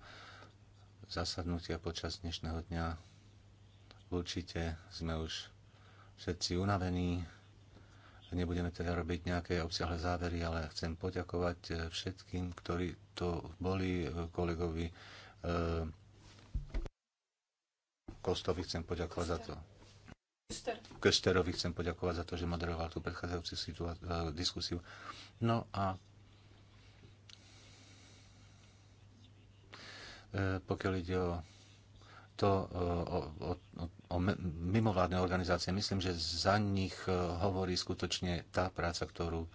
zasadnutia počas dnešného dňa. Určite sme už všetci unavení. Nebudeme teda robiť nejaké obsiahle závery, ale chcem poďakovať eh, všetkým, ktorí to boli eh, kolegovi eh, Kostovi. Chcem poďakovať za to Kösterovi chcem poďakovať za to, že moderoval tú predchádzajúcu eh, diskusiu. No a eh, pokiaľ ide o to eh, o, o, o mimovládne organizácie, myslím, že za nich hovorí skutočne tá práca, ktorú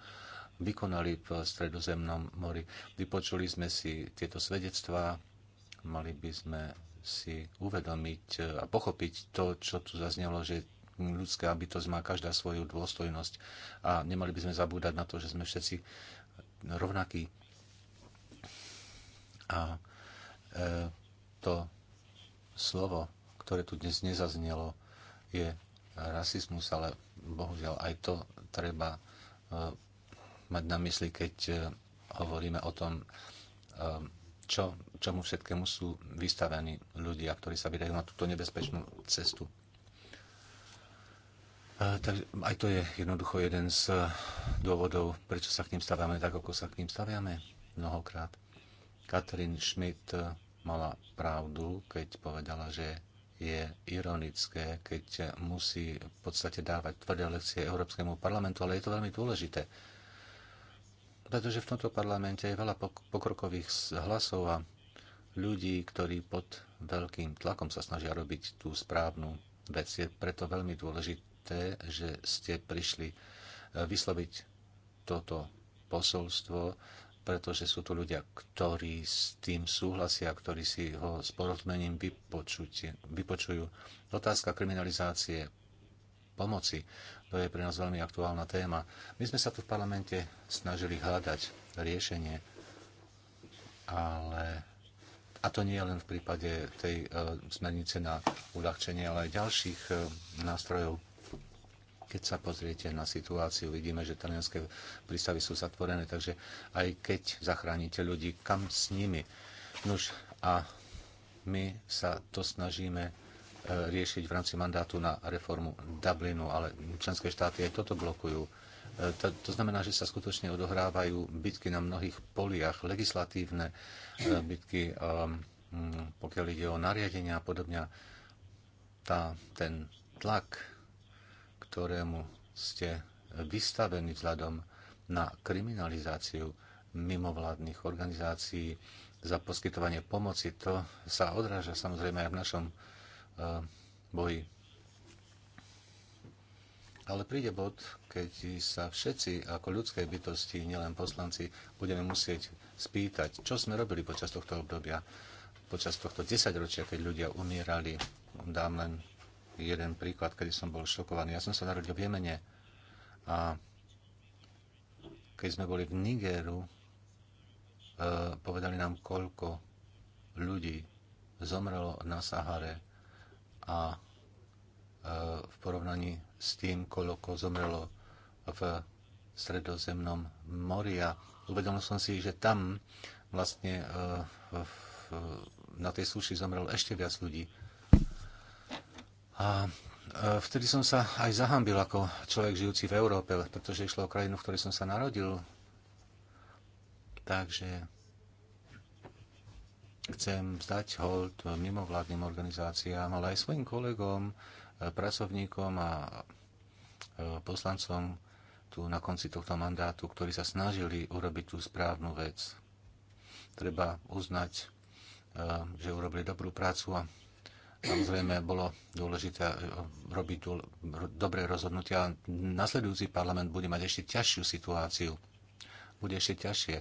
vykonali v Stredozemnom mori. Vypočuli sme si tieto svedectvá, mali by sme si uvedomiť a pochopiť to, čo tu zaznelo, že ľudská bytosť má každá svoju dôstojnosť a nemali by sme zabúdať na to, že sme všetci rovnakí. A e, to slovo, ktoré tu dnes nezaznelo, je rasizmus, ale bohužiaľ aj to treba e, mať na mysli, keď e, hovoríme o tom, e, čo, čomu všetkému sú vystavení ľudia, ktorí sa vydajú na túto nebezpečnú cestu. Takže aj to je jednoducho jeden z eh, dôvodov, prečo sa k ním staviame tak, ako sa k ním staviame mnohokrát. Katrin Schmidt eh, mala pravdu, keď povedala, že je ironické, keď musí v podstate dávať tvrdé lekcie Európskemu parlamentu, ale je to veľmi dôležité. Pretože v tomto parlamente je veľa pokrokových hlasov a ľudí, ktorí pod veľkým tlakom sa snažia robiť tú správnu vec. Je preto veľmi dôležité, dôležité, že ste prišli e, vysloviť toto posolstvo, pretože sú tu ľudia, ktorí s tým súhlasia, ktorí si ho s porozmením vypočujú. Otázka kriminalizácie pomoci, to je pre nás veľmi aktuálna téma. My sme sa tu v parlamente snažili hľadať riešenie, ale a to nie len v prípade tej e, smernice na uľahčenie, ale aj ďalších e, nástrojov keď sa pozriete na situáciu, vidíme, že talianské prístavy sú zatvorené, takže aj keď zachránite ľudí, kam s nimi? Nož a my sa to snažíme e, riešiť v rámci mandátu na reformu Dublinu, ale členské štáty aj toto blokujú. E, to, to znamená, že sa skutočne odohrávajú bitky na mnohých poliach, legislatívne e, bitky, pokiaľ ide o nariadenia a podobne. Tá, ten tlak, ktorému ste vystavení vzhľadom na kriminalizáciu mimovládnych organizácií za poskytovanie pomoci. To sa odráža samozrejme aj v našom eh, boji. Ale príde bod, keď sa všetci ako ľudské bytosti, nielen poslanci, budeme musieť spýtať, čo sme robili počas tohto obdobia, počas tohto desaťročia, keď ľudia umierali. Dám len jeden príklad, kedy som bol šokovaný. Ja som sa narodil v Jemene a keď sme boli v Nigeru, e, povedali nám, koľko ľudí zomrelo na Sahare a e, v porovnaní s tým, koľko zomrelo v stredozemnom mori. A uvedomil som si, že tam vlastne e, na tej súši zomrelo ešte viac ľudí a e, vtedy som sa aj zahambil ako človek žijúci v Európe, pretože išlo o krajinu, v ktorej som sa narodil. Takže chcem vzdať hold mimovládnym organizáciám, ale aj svojim kolegom, e, pracovníkom a e, poslancom tu na konci tohto mandátu, ktorí sa snažili urobiť tú správnu vec. Treba uznať, že urobili dobrú prácu a Samozrejme, bolo dôležité e, robiť dobré rozhodnutia. Nasledujúci parlament bude mať ešte ťažšiu situáciu. Bude ešte ťažšie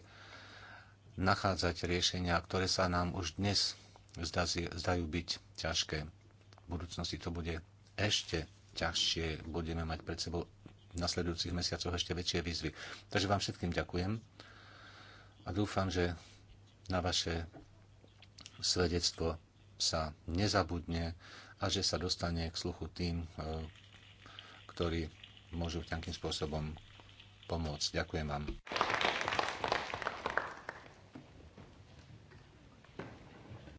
nachádzať riešenia, ktoré sa nám už dnes zdajú byť ťažké. V budúcnosti to bude ešte ťažšie. Budeme mať pred sebou v nasledujúcich mesiacoch ešte väčšie výzvy. Takže vám všetkým ďakujem a dúfam, že na vaše svedectvo sa nezabudne a že sa dostane k sluchu tým, e, ktorí môžu nejakým spôsobom pomôcť. Ďakujem vám.